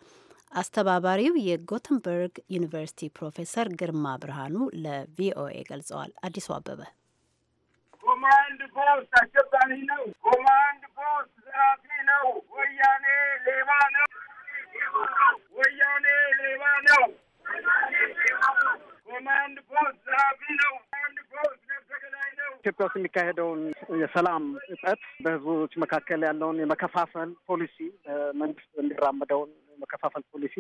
አስተባባሪው የጎተንበርግ ዩኒቨርሲቲ ፕሮፌሰር ግርማ ብርሃኑ ለቪኦኤ ገልጸዋል። አዲሱ አበበ ኮማንድ ፖስት አሸባሪ ነው። ኮማንድ ፖስት ዘራፊ ነው። ወያኔ ሌባ ነው። ወያኔ ሌባ ነው። ኮማንድ ፖስት ዘራፊ ነው። ኮማንድ ፖስት ነው። ኢትዮጵያ ውስጥ የሚካሄደውን የሰላም እጠት በህዝቦች መካከል ያለውን የመከፋፈል ፖሊሲ መንግስት እንዲራምደውን መከፋፈል ፖሊሲ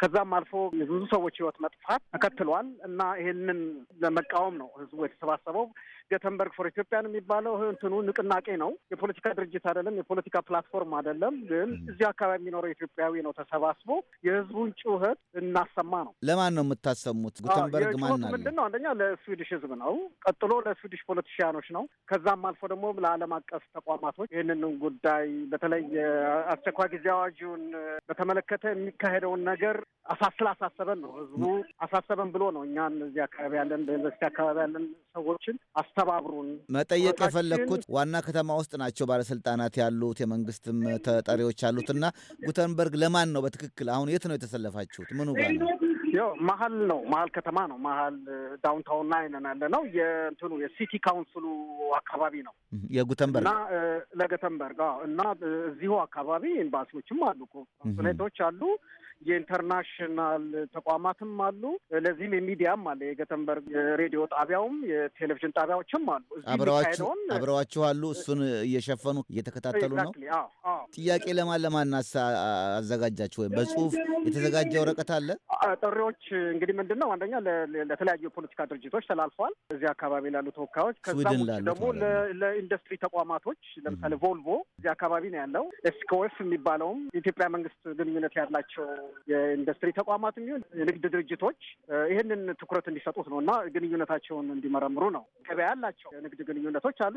ከዛም አልፎ ብዙ ሰዎች ህይወት መጥፋት ተከትሏል እና ይህንን ለመቃወም ነው ህዝቡ የተሰባሰበው። ገተንበርግ ፎር ኢትዮጵያን የሚባለው እንትኑ ንቅናቄ ነው። የፖለቲካ ድርጅት አይደለም፣ የፖለቲካ ፕላትፎርም አይደለም። ግን እዚህ አካባቢ የሚኖረው ኢትዮጵያዊ ነው ተሰባስቦ የህዝቡን ጩኸት እናሰማ ነው። ለማን ነው የምታሰሙት? ጉተንበርግ ማን አለ? ምንድን ነው? አንደኛ ለስዊድሽ ህዝብ ነው። ቀጥሎ ለስዊድሽ ፖለቲሽያኖች ነው። ከዛም አልፎ ደግሞ ለዓለም አቀፍ ተቋማቶች ይህንን ጉዳይ በተለይ አስቸኳይ ጊዜ አዋጁን በተመለከተ የሚካሄደውን ነገር አሳሰበን ነው ህዝቡ አሳሰበን ብሎ ነው እኛን እዚህ አካባቢ ያለን በዩኒቨርሲቲ አካባቢ ያለን ሰዎችን አስተባብሩን። መጠየቅ የፈለግኩት ዋና ከተማ ውስጥ ናቸው ባለስልጣናት ያሉት የመንግስትም ተጠሪዎች ያሉት እና ጉተንበርግ ለማን ነው በትክክል አሁን የት ነው የተሰለፋችሁት? ምኑ ጋር ነው? መሀል ነው መሀል ከተማ ነው መሀል ዳውንታውን አይነን ያለ ነው የእንትኑ የሲቲ ካውንስሉ አካባቢ ነው የጉተንበርግ እና ለገተንበርግ እና እዚሁ አካባቢ ኤምባሲዎችም አሉ፣ ኮንሱሌቶች አሉ የኢንተርናሽናል ተቋማትም አሉ። ለዚህም የሚዲያም አለ። የገተንበርግ ሬዲዮ ጣቢያውም የቴሌቪዥን ጣቢያዎችም አሉ። አብረዋችሁ አሉ። እሱን እየሸፈኑ እየተከታተሉ ነው። ጥያቄ ለማን ለማን አዘጋጃችሁ? ወይም በጽሁፍ የተዘጋጀ ወረቀት አለ? ጥሪዎች እንግዲህ ምንድን ነው? አንደኛ ለተለያዩ የፖለቲካ ድርጅቶች ተላልፏል፣ እዚህ አካባቢ ላሉ ተወካዮች። ከዛም ውጭ ደግሞ ለኢንዱስትሪ ተቋማቶች ለምሳሌ ቮልቮ እዚህ አካባቢ ነው ያለው። ኤስኮኤፍ የሚባለውም የኢትዮጵያ መንግስት ግንኙነት ያላቸው የኢንዱስትሪ ተቋማት የሚሆን የንግድ ድርጅቶች ይህንን ትኩረት እንዲሰጡት ነው እና ግንኙነታቸውን እንዲመረምሩ ነው። ገበያ ያላቸው የንግድ ግንኙነቶች አሉ፣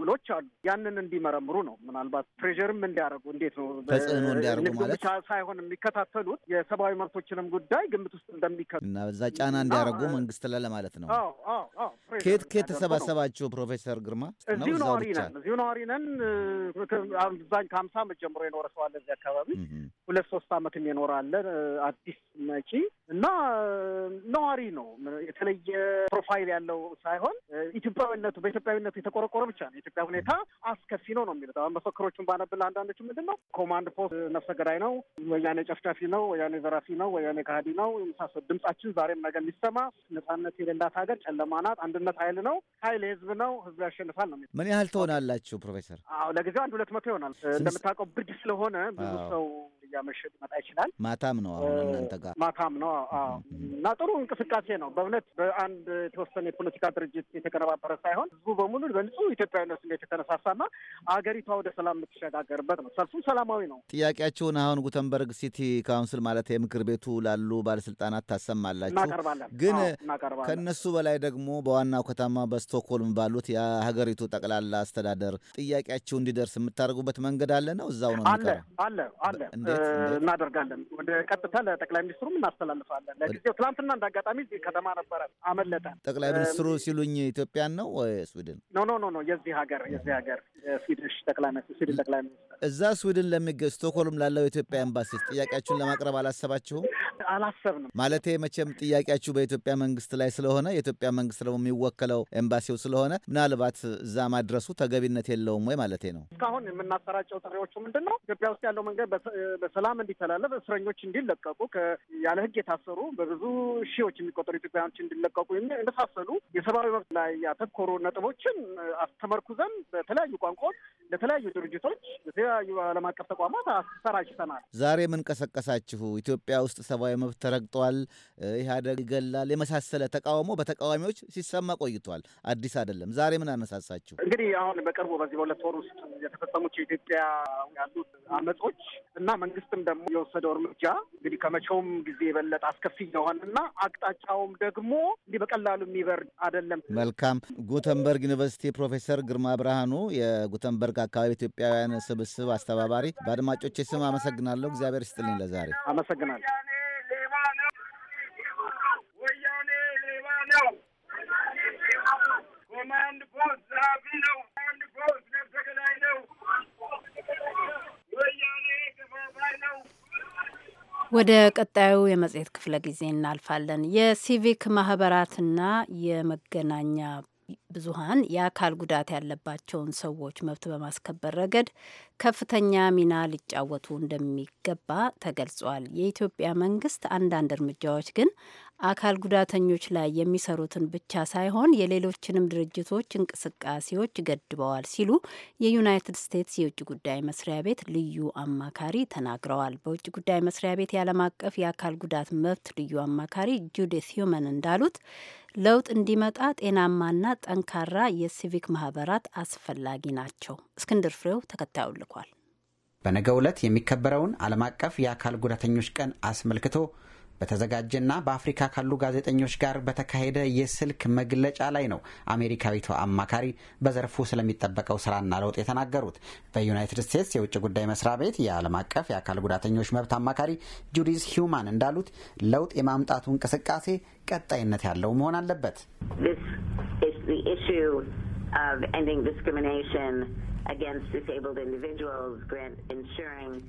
ውሎች አሉ። ያንን እንዲመረምሩ ነው። ምናልባት ፕሬዠርም እንዲያደርጉ እንዴት ነው ተጽዕኖ እንዲያደርጉ ማለት ብቻ ሳይሆን የሚከታተሉት የሰብአዊ መብቶችንም ጉዳይ ግምት ውስጥ እንደሚከ እና በዛ ጫና እንዲያደርጉ መንግስት ላይ ለማለት ነው። ከየት ከየት ተሰባሰባችሁ ፕሮፌሰር ግርማ? እዚሁ ነዋሪ ነን፣ እዚሁ ነዋሪ ነን። አብዛኝ ከሀምሳ አመት ጀምሮ የኖረ ሰው አለ እዚህ አካባቢ ሁለት ሶስት ዓመትም የኖረ አለ አዲስ መጪ እና ነዋሪ ነው። የተለየ ፕሮፋይል ያለው ሳይሆን ኢትዮጵያዊነቱ በኢትዮጵያዊነቱ የተቆረቆረ ብቻ ነው። የኢትዮጵያ ሁኔታ አስከፊ ነው ነው የሚሉት አሁን መፈክሮቹን ባነብል አንዳንዶቹ ምንድን ነው ኮማንድ ፖስት ነፍሰ ገዳይ ነው፣ ወያኔ ጨፍጫፊ ነው፣ ወያኔ ዘራፊ ነው፣ ወያኔ ካህዲ ነው የመሳሰሉ ድምጻችን ዛሬም ነገር የሚሰማ ነጻነት የሌላት ሀገር ጨለማ ናት፣ አንድነት ኃይል ነው፣ ኃይል ህዝብ ነው፣ ህዝብ ያሸንፋል ነው። ምን ያህል ትሆናላችሁ ፕሮፌሰር? አዎ ለጊዜው አንድ ሁለት መቶ ይሆናል። እንደምታውቀው ብርድ ስለሆነ ብዙ ሰው እያመሸ ሊመጣ ይችላል። ማታም ነው አሁን እናንተ ጋር ማታም ነው እና ጥሩ እንቅስቃሴ ነው በእውነት በአንድ የተወሰነ የፖለቲካ ድርጅት የተቀነባበረ ሳይሆን ህዝቡ በሙሉ በንጹህ ኢትዮጵያዊነት ስሜት የተነሳሳና አገሪቷ ወደ ሰላም የምትሸጋገርበት ነው። ሰልፉ ሰላማዊ ነው። ጥያቄያችሁን አሁን ጉተንበርግ ሲቲ ካውንስል ማለት የምክር ቤቱ ላሉ ባለስልጣናት ታሰማላችሁ። እናቀርባለን ግን ከእነሱ በላይ ደግሞ በዋናው ከተማ በስቶክሆልም ባሉት የሀገሪቱ ጠቅላላ አስተዳደር ጥያቄያችሁ እንዲደርስ የምታደርጉበት መንገድ አለ ነው እዛው ነው አለ አለ አለ እናደርጋለን ወደ ቀጥታ ለጠቅላይ ሚኒስትሩም እናስተላልፋለን። ለጊዜው ትናንትና እንደ አጋጣሚ ከተማ ነበረ አመለጠ። ጠቅላይ ሚኒስትሩ ሲሉኝ ኢትዮጵያን ነው ስዊድን? ኖ ኖ ኖ ኖ የዚህ ሀገር የዚህ ሀገር ስዊድሽ ጠቅላይ ሚኒስትር ስዊድን ጠቅላይ ሚኒስትር እዛ ስዊድን ለሚገ ስቶክሆልም ላለው ኢትዮጵያ ኤምባሲ ጥያቄያችሁን ለማቅረብ አላሰባችሁም? አላሰብንም። ማለቴ መቼም ጥያቄያችሁ በኢትዮጵያ መንግስት ላይ ስለሆነ የኢትዮጵያ መንግስት ደግሞ የሚወከለው ኤምባሲው ስለሆነ ምናልባት እዛ ማድረሱ ተገቢነት የለውም ወይ ማለቴ ነው። እስካሁን የምናሰራጨው ጥሪዎቹ ምንድን ነው? ኢትዮጵያ ውስጥ ያለው መንገድ በሰላም እንዲተላለፍ እስረኛ እስረኞች እንዲለቀቁ፣ ያለ ህግ የታሰሩ በብዙ ሺዎች የሚቆጠሩ ኢትዮጵያኖች እንዲለቀቁ የመሳሰሉ የሰብአዊ መብት ላይ ያተኮሩ ነጥቦችን አስተመርኩዘን በተለያዩ ቋንቋዎች ለተለያዩ ድርጅቶች የተለያዩ ዓለም አቀፍ ተቋማት አሰራጭተናል። ዛሬ ምን ቀሰቀሳችሁ? ኢትዮጵያ ውስጥ ሰብአዊ መብት ተረግጧል፣ ኢህአዴግ ይገላል የመሳሰለ ተቃውሞ በተቃዋሚዎች ሲሰማ ቆይቷል። አዲስ አይደለም። ዛሬ ምን አነሳሳችሁ? እንግዲህ አሁን በቅርቡ በዚህ በሁለት ወር ውስጥ የተፈጸሙት የኢትዮጵያ ያሉት አመጾች እና መንግስትም ደግሞ የወሰደው እርምጃ እንግዲህ ከመቼውም ጊዜ የበለጠ አስከፊ የሆነና አቅጣጫውም ደግሞ እንዲህ በቀላሉ የሚበርድ አይደለም። መልካም ጉተንበርግ ዩኒቨርሲቲ ፕሮፌሰር ግርማ ብርሃኑ የጉተንበርግ አካባቢ ኢትዮጵያውያን ስብስብ አስተባባሪ፣ በአድማጮች ስም አመሰግናለሁ። እግዚአብሔር ይስጥልኝ። ለዛሬ አመሰግናለሁ። ወደ ቀጣዩ የመጽሔት ክፍለ ጊዜ እናልፋለን። የሲቪክ ማህበራትና የመገናኛ ብዙሃን የአካል ጉዳት ያለባቸውን ሰዎች መብት በማስከበር ረገድ ከፍተኛ ሚና ሊጫወቱ እንደሚገባ ተገልጿል። የኢትዮጵያ መንግስት አንዳንድ እርምጃዎች ግን አካል ጉዳተኞች ላይ የሚሰሩትን ብቻ ሳይሆን የሌሎችንም ድርጅቶች እንቅስቃሴዎች ገድበዋል ሲሉ የዩናይትድ ስቴትስ የውጭ ጉዳይ መስሪያ ቤት ልዩ አማካሪ ተናግረዋል። በውጭ ጉዳይ መስሪያ ቤት የዓለም አቀፍ የአካል ጉዳት መብት ልዩ አማካሪ ጁዲት ሂውመን እንዳሉት ለውጥ እንዲመጣ ጤናማና ጠንካራ የሲቪክ ማህበራት አስፈላጊ ናቸው። እስክንድር ፍሬው ተከታዩ ልኳል። በነገው ዕለት የሚከበረውን ዓለም አቀፍ የአካል ጉዳተኞች ቀን አስመልክቶ በተዘጋጀና በአፍሪካ ካሉ ጋዜጠኞች ጋር በተካሄደ የስልክ መግለጫ ላይ ነው አሜሪካዊቷ አማካሪ በዘርፉ ስለሚጠበቀው ስራና ለውጥ የተናገሩት። በዩናይትድ ስቴትስ የውጭ ጉዳይ መስሪያ ቤት የዓለም አቀፍ የአካል ጉዳተኞች መብት አማካሪ ጁዲስ ሂውማን እንዳሉት ለውጥ የማምጣቱ እንቅስቃሴ ቀጣይነት ያለው መሆን አለበት።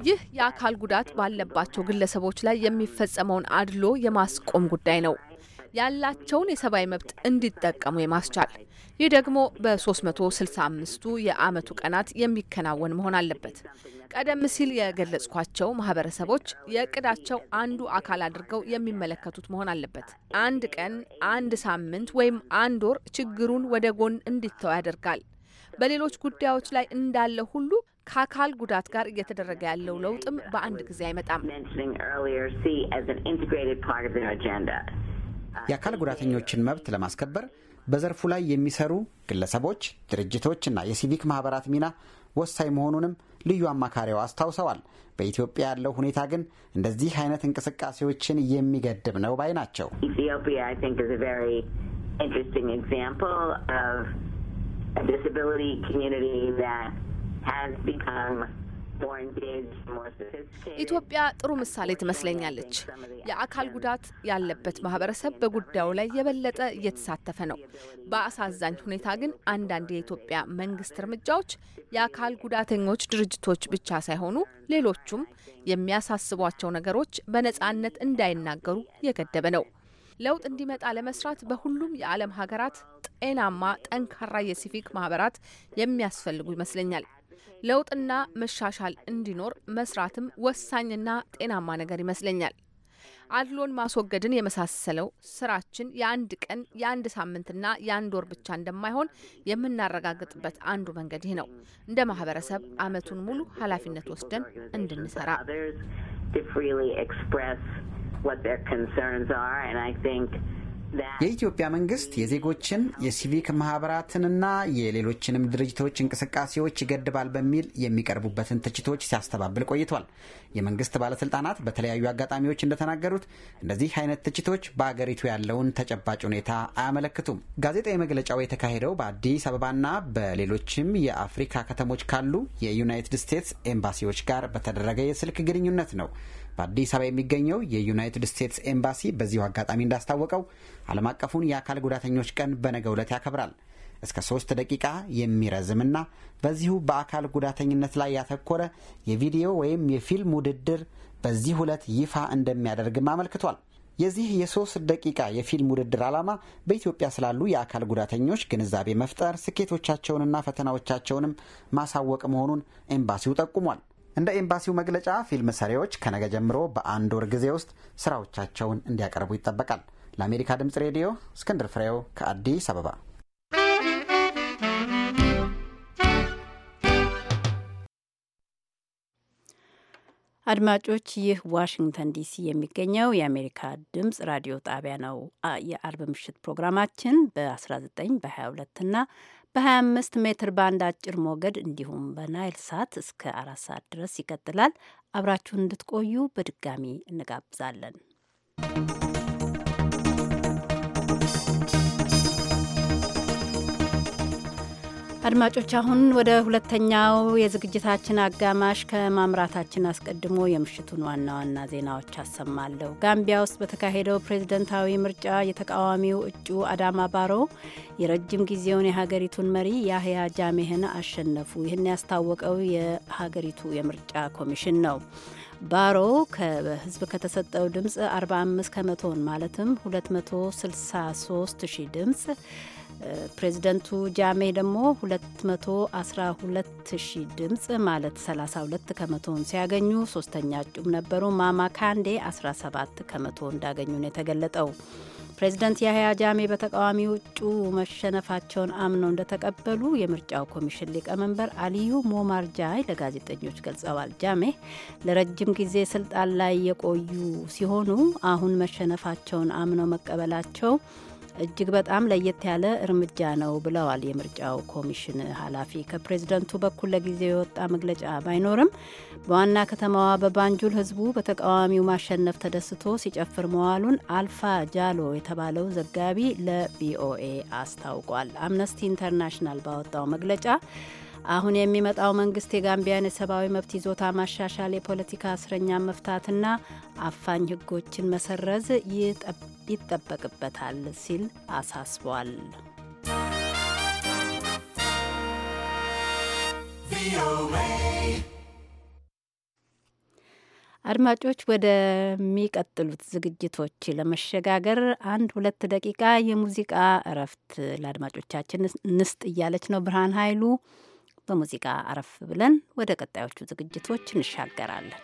ይህ የአካል ጉዳት ባለባቸው ግለሰቦች ላይ የሚፈጸመውን አድሎ የማስቆም ጉዳይ ነው። ያላቸውን የሰብአዊ መብት እንዲጠቀሙ የማስቻል ይህ ደግሞ በ365ቱ የአመቱ ቀናት የሚከናወን መሆን አለበት። ቀደም ሲል የገለጽኳቸው ማህበረሰቦች የእቅዳቸው አንዱ አካል አድርገው የሚመለከቱት መሆን አለበት። አንድ ቀን፣ አንድ ሳምንት ወይም አንድ ወር ችግሩን ወደ ጎን እንዲተው ያደርጋል። በሌሎች ጉዳዮች ላይ እንዳለ ሁሉ ከአካል ጉዳት ጋር እየተደረገ ያለው ለውጥም በአንድ ጊዜ አይመጣም። የአካል ጉዳተኞችን መብት ለማስከበር በዘርፉ ላይ የሚሰሩ ግለሰቦች፣ ድርጅቶችና የሲቪክ ማህበራት ሚና ወሳኝ መሆኑንም ልዩ አማካሪው አስታውሰዋል። በኢትዮጵያ ያለው ሁኔታ ግን እንደዚህ አይነት እንቅስቃሴዎችን የሚገድብ ነው ባይ ናቸው። disability community that has become ኢትዮጵያ ጥሩ ምሳሌ ትመስለኛለች። የአካል ጉዳት ያለበት ማህበረሰብ በጉዳዩ ላይ የበለጠ እየተሳተፈ ነው። በአሳዛኝ ሁኔታ ግን አንዳንድ የኢትዮጵያ መንግስት እርምጃዎች የአካል ጉዳተኞች ድርጅቶች ብቻ ሳይሆኑ ሌሎቹም የሚያሳስቧቸው ነገሮች በነጻነት እንዳይናገሩ እየገደበ ነው። ለውጥ እንዲመጣ ለመስራት በሁሉም የዓለም ሀገራት ጤናማ ጠንካራ የሲቪክ ማህበራት የሚያስፈልጉ ይመስለኛል። ለውጥና መሻሻል እንዲኖር መስራትም ወሳኝና ጤናማ ነገር ይመስለኛል። አድሎን ማስወገድን የመሳሰለው ስራችን የአንድ ቀን የአንድ ሳምንትና የአንድ ወር ብቻ እንደማይሆን የምናረጋግጥበት አንዱ መንገድ ይህ ነው። እንደ ማህበረሰብ አመቱን ሙሉ ኃላፊነት ወስደን እንድንሰራ የኢትዮጵያ መንግስት የዜጎችን የሲቪክ ማህበራትንና የሌሎችንም ድርጅቶች እንቅስቃሴዎች ይገድባል በሚል የሚቀርቡበትን ትችቶች ሲያስተባብል ቆይቷል። የመንግስት ባለስልጣናት በተለያዩ አጋጣሚዎች እንደተናገሩት እንደዚህ አይነት ትችቶች በአገሪቱ ያለውን ተጨባጭ ሁኔታ አያመለክቱም። ጋዜጣዊ መግለጫው የተካሄደው በአዲስ አበባና በሌሎችም የአፍሪካ ከተሞች ካሉ የዩናይትድ ስቴትስ ኤምባሲዎች ጋር በተደረገ የስልክ ግንኙነት ነው። በአዲስ አበባ የሚገኘው የዩናይትድ ስቴትስ ኤምባሲ በዚሁ አጋጣሚ እንዳስታወቀው ዓለም አቀፉን የአካል ጉዳተኞች ቀን በነገው ዕለት ያከብራል። እስከ ሶስት ደቂቃ የሚረዝምና በዚሁ በአካል ጉዳተኝነት ላይ ያተኮረ የቪዲዮ ወይም የፊልም ውድድር በዚህ ዕለት ይፋ እንደሚያደርግም አመልክቷል። የዚህ የሶስት ደቂቃ የፊልም ውድድር ዓላማ በኢትዮጵያ ስላሉ የአካል ጉዳተኞች ግንዛቤ መፍጠር፣ ስኬቶቻቸውንና ፈተናዎቻቸውንም ማሳወቅ መሆኑን ኤምባሲው ጠቁሟል። እንደ ኤምባሲው መግለጫ ፊልም ሰሪዎች ከነገ ጀምሮ በአንድ ወር ጊዜ ውስጥ ስራዎቻቸውን እንዲያቀርቡ ይጠበቃል። ለአሜሪካ ድምፅ ሬዲዮ እስክንድር ፍሬው ከአዲስ አበባ። አድማጮች፣ ይህ ዋሽንግተን ዲሲ የሚገኘው የአሜሪካ ድምጽ ራዲዮ ጣቢያ ነው። የአርብ ምሽት ፕሮግራማችን በ19 በ22 ና በ25 ሜትር ባንድ አጭር ሞገድ እንዲሁም በናይል ሳት እስከ አራት ሰዓት ድረስ ይቀጥላል። አብራችሁን እንድትቆዩ በድጋሚ እንጋብዛለን። አድማጮች አሁን ወደ ሁለተኛው የዝግጅታችን አጋማሽ ከማምራታችን አስቀድሞ የምሽቱን ዋና ዋና ዜናዎች አሰማለሁ። ጋምቢያ ውስጥ በተካሄደው ፕሬዝደንታዊ ምርጫ የተቃዋሚው እጩ አዳማ ባሮ የረጅም ጊዜውን የሀገሪቱን መሪ ያህያ ጃሜህን አሸነፉ። ይህን ያስታወቀው የሀገሪቱ የምርጫ ኮሚሽን ነው። ባሮ ህዝብ ከተሰጠው ድምፅ 45 ከመቶን ማለትም 263 ሺህ ድምፅ ፕሬዚደንቱ ጃሜ ደግሞ 212 ሺ ድምፅ ማለት 32 ከመቶውን ሲያገኙ ሶስተኛ እጩም ነበሩ። ማማ ካንዴ 17 ከመቶ እንዳገኙ ነው የተገለጠው። ፕሬዚደንት ያህያ ጃሜ በተቃዋሚ እጩ መሸነፋቸውን አምነው እንደተቀበሉ የምርጫው ኮሚሽን ሊቀመንበር አልዩ ሞማር ጃይ ለጋዜጠኞች ገልጸዋል። ጃሜ ለረጅም ጊዜ ስልጣን ላይ የቆዩ ሲሆኑ አሁን መሸነፋቸውን አምነው መቀበላቸው እጅግ በጣም ለየት ያለ እርምጃ ነው ብለዋል የምርጫው ኮሚሽን ኃላፊ። ከፕሬዝደንቱ በኩል ለጊዜው የወጣ መግለጫ ባይኖርም በዋና ከተማዋ በባንጁል ህዝቡ በተቃዋሚው ማሸነፍ ተደስቶ ሲጨፍር መዋሉን አልፋ ጃሎ የተባለው ዘጋቢ ለቪኦኤ አስታውቋል። አምነስቲ ኢንተርናሽናል ባወጣው መግለጫ አሁን የሚመጣው መንግስት የጋምቢያን የሰብአዊ መብት ይዞታ ማሻሻል፣ የፖለቲካ እስረኛ መፍታትና አፋኝ ህጎችን መሰረዝ ይጠብቃል ይጠበቅበታል ሲል አሳስቧል። አድማጮች ወደሚቀጥሉት ዝግጅቶች ለመሸጋገር አንድ ሁለት ደቂቃ የሙዚቃ እረፍት ለአድማጮቻችን ንስጥ እያለች ነው ብርሃን ኃይሉ። በሙዚቃ አረፍ ብለን ወደ ቀጣዮቹ ዝግጅቶች እንሻገራለን።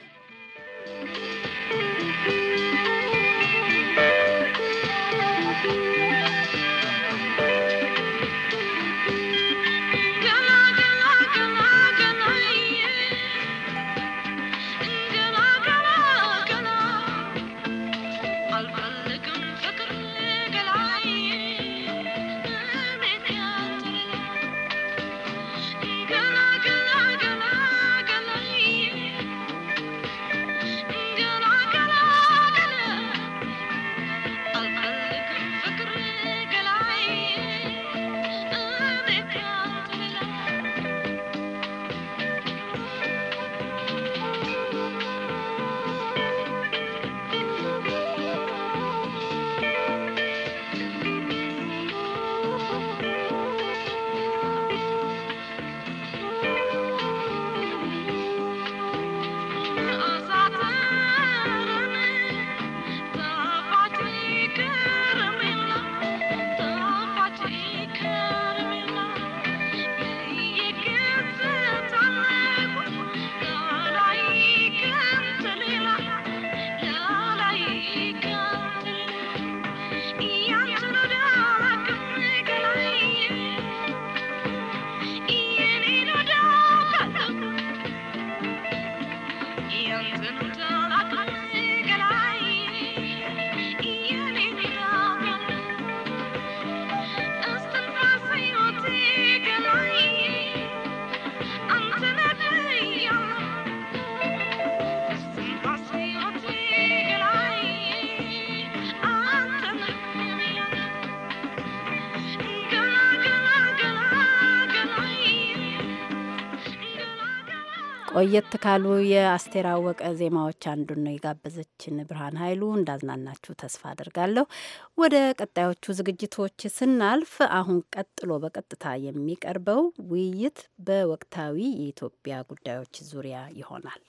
ቆየት ካሉ የአስቴር አወቀ ዜማዎች አንዱ ነው የጋበዘችን ብርሃን ኃይሉ። እንዳዝናናችሁ ተስፋ አድርጋለሁ። ወደ ቀጣዮቹ ዝግጅቶች ስናልፍ አሁን ቀጥሎ በቀጥታ የሚቀርበው ውይይት በወቅታዊ የኢትዮጵያ ጉዳዮች ዙሪያ ይሆናል።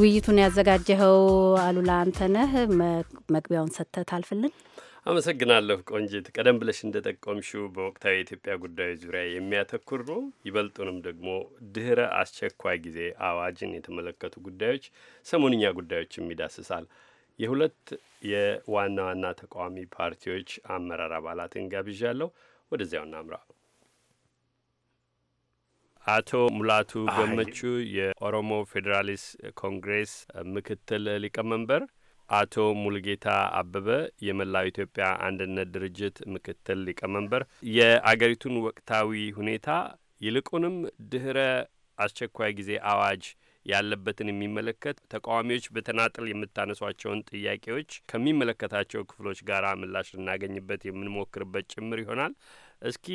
ውይይቱን ያዘጋጀኸው አሉላ አንተነህ፣ መግቢያውን ሰጥተህ ታልፍልን። አመሰግናለሁ ቆንጂት። ቀደም ብለሽ እንደጠቆምሽው በወቅታዊ የኢትዮጵያ ጉዳዮች ዙሪያ የሚያተኩር ነው። ይበልጡንም ደግሞ ድህረ አስቸኳይ ጊዜ አዋጅን የተመለከቱ ጉዳዮች፣ ሰሞንኛ ጉዳዮችም ይዳስሳል። የሁለት የዋና ዋና ተቃዋሚ ፓርቲዎች አመራር አባላትን ጋብዣለሁ። ወደዚያው እናምራ። አቶ ሙላቱ ገመቹ የኦሮሞ ፌዴራሊስት ኮንግሬስ ምክትል ሊቀመንበር፣ አቶ ሙልጌታ አበበ የመላው ኢትዮጵያ አንድነት ድርጅት ምክትል ሊቀመንበር የአገሪቱን ወቅታዊ ሁኔታ ይልቁንም ድህረ አስቸኳይ ጊዜ አዋጅ ያለበትን የሚመለከት ተቃዋሚዎች በተናጥል የምታነሷቸውን ጥያቄዎች ከሚመለከታቸው ክፍሎች ጋር ምላሽ ልናገኝበት የምንሞክርበት ጭምር ይሆናል። እስኪ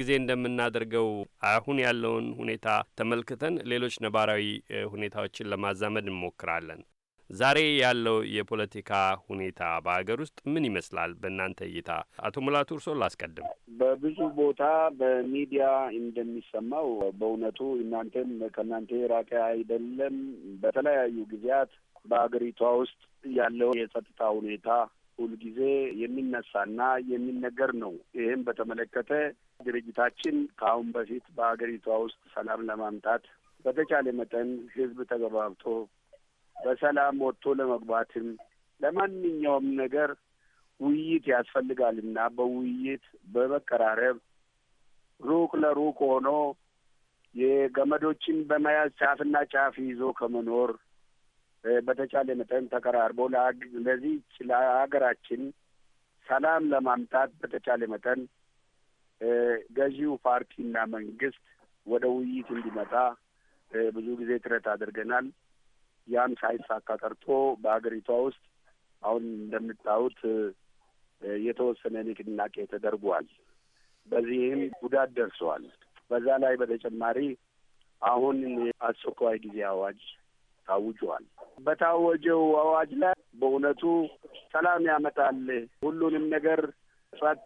ጊዜ እንደምናደርገው አሁን ያለውን ሁኔታ ተመልክተን ሌሎች ነባራዊ ሁኔታዎችን ለማዛመድ እንሞክራለን። ዛሬ ያለው የፖለቲካ ሁኔታ በሀገር ውስጥ ምን ይመስላል በእናንተ እይታ? አቶ ሙላቱ እርሶ ላስቀድም። በብዙ ቦታ በሚዲያ እንደሚሰማው በእውነቱ እናንተም ከእናንተ የራቀ አይደለም። በተለያዩ ጊዜያት በሀገሪቷ ውስጥ ያለው የጸጥታ ሁኔታ ሁልጊዜ የሚነሳና የሚነገር ነው። ይህም በተመለከተ ድርጅታችን ከአሁን በፊት በሀገሪቷ ውስጥ ሰላም ለማምጣት በተቻለ መጠን ህዝብ ተገባብቶ በሰላም ወጥቶ ለመግባትም ለማንኛውም ነገር ውይይት ያስፈልጋልና በውይይት በመቀራረብ ሩቅ ለሩቅ ሆኖ የገመዶችን በመያዝ ጫፍና ጫፍ ይዞ ከመኖር በተቻለ መጠን ተቀራርቦ ለዚህ ለሀገራችን ሰላም ለማምጣት በተቻለ መጠን ገዢው ፓርቲና መንግስት ወደ ውይይት እንዲመጣ ብዙ ጊዜ ጥረት አድርገናል። ያም ሳይሳካ ቀርቶ በሀገሪቷ ውስጥ አሁን እንደምታዩት የተወሰነ ንቅናቄ ተደርጓል። በዚህም ጉዳት ደርሰዋል። በዛ ላይ በተጨማሪ አሁን አስቸኳይ ጊዜ አዋጅ ታውጇል። በታወጀው አዋጅ ላይ በእውነቱ ሰላም ያመጣል፣ ሁሉንም ነገር ጸጥ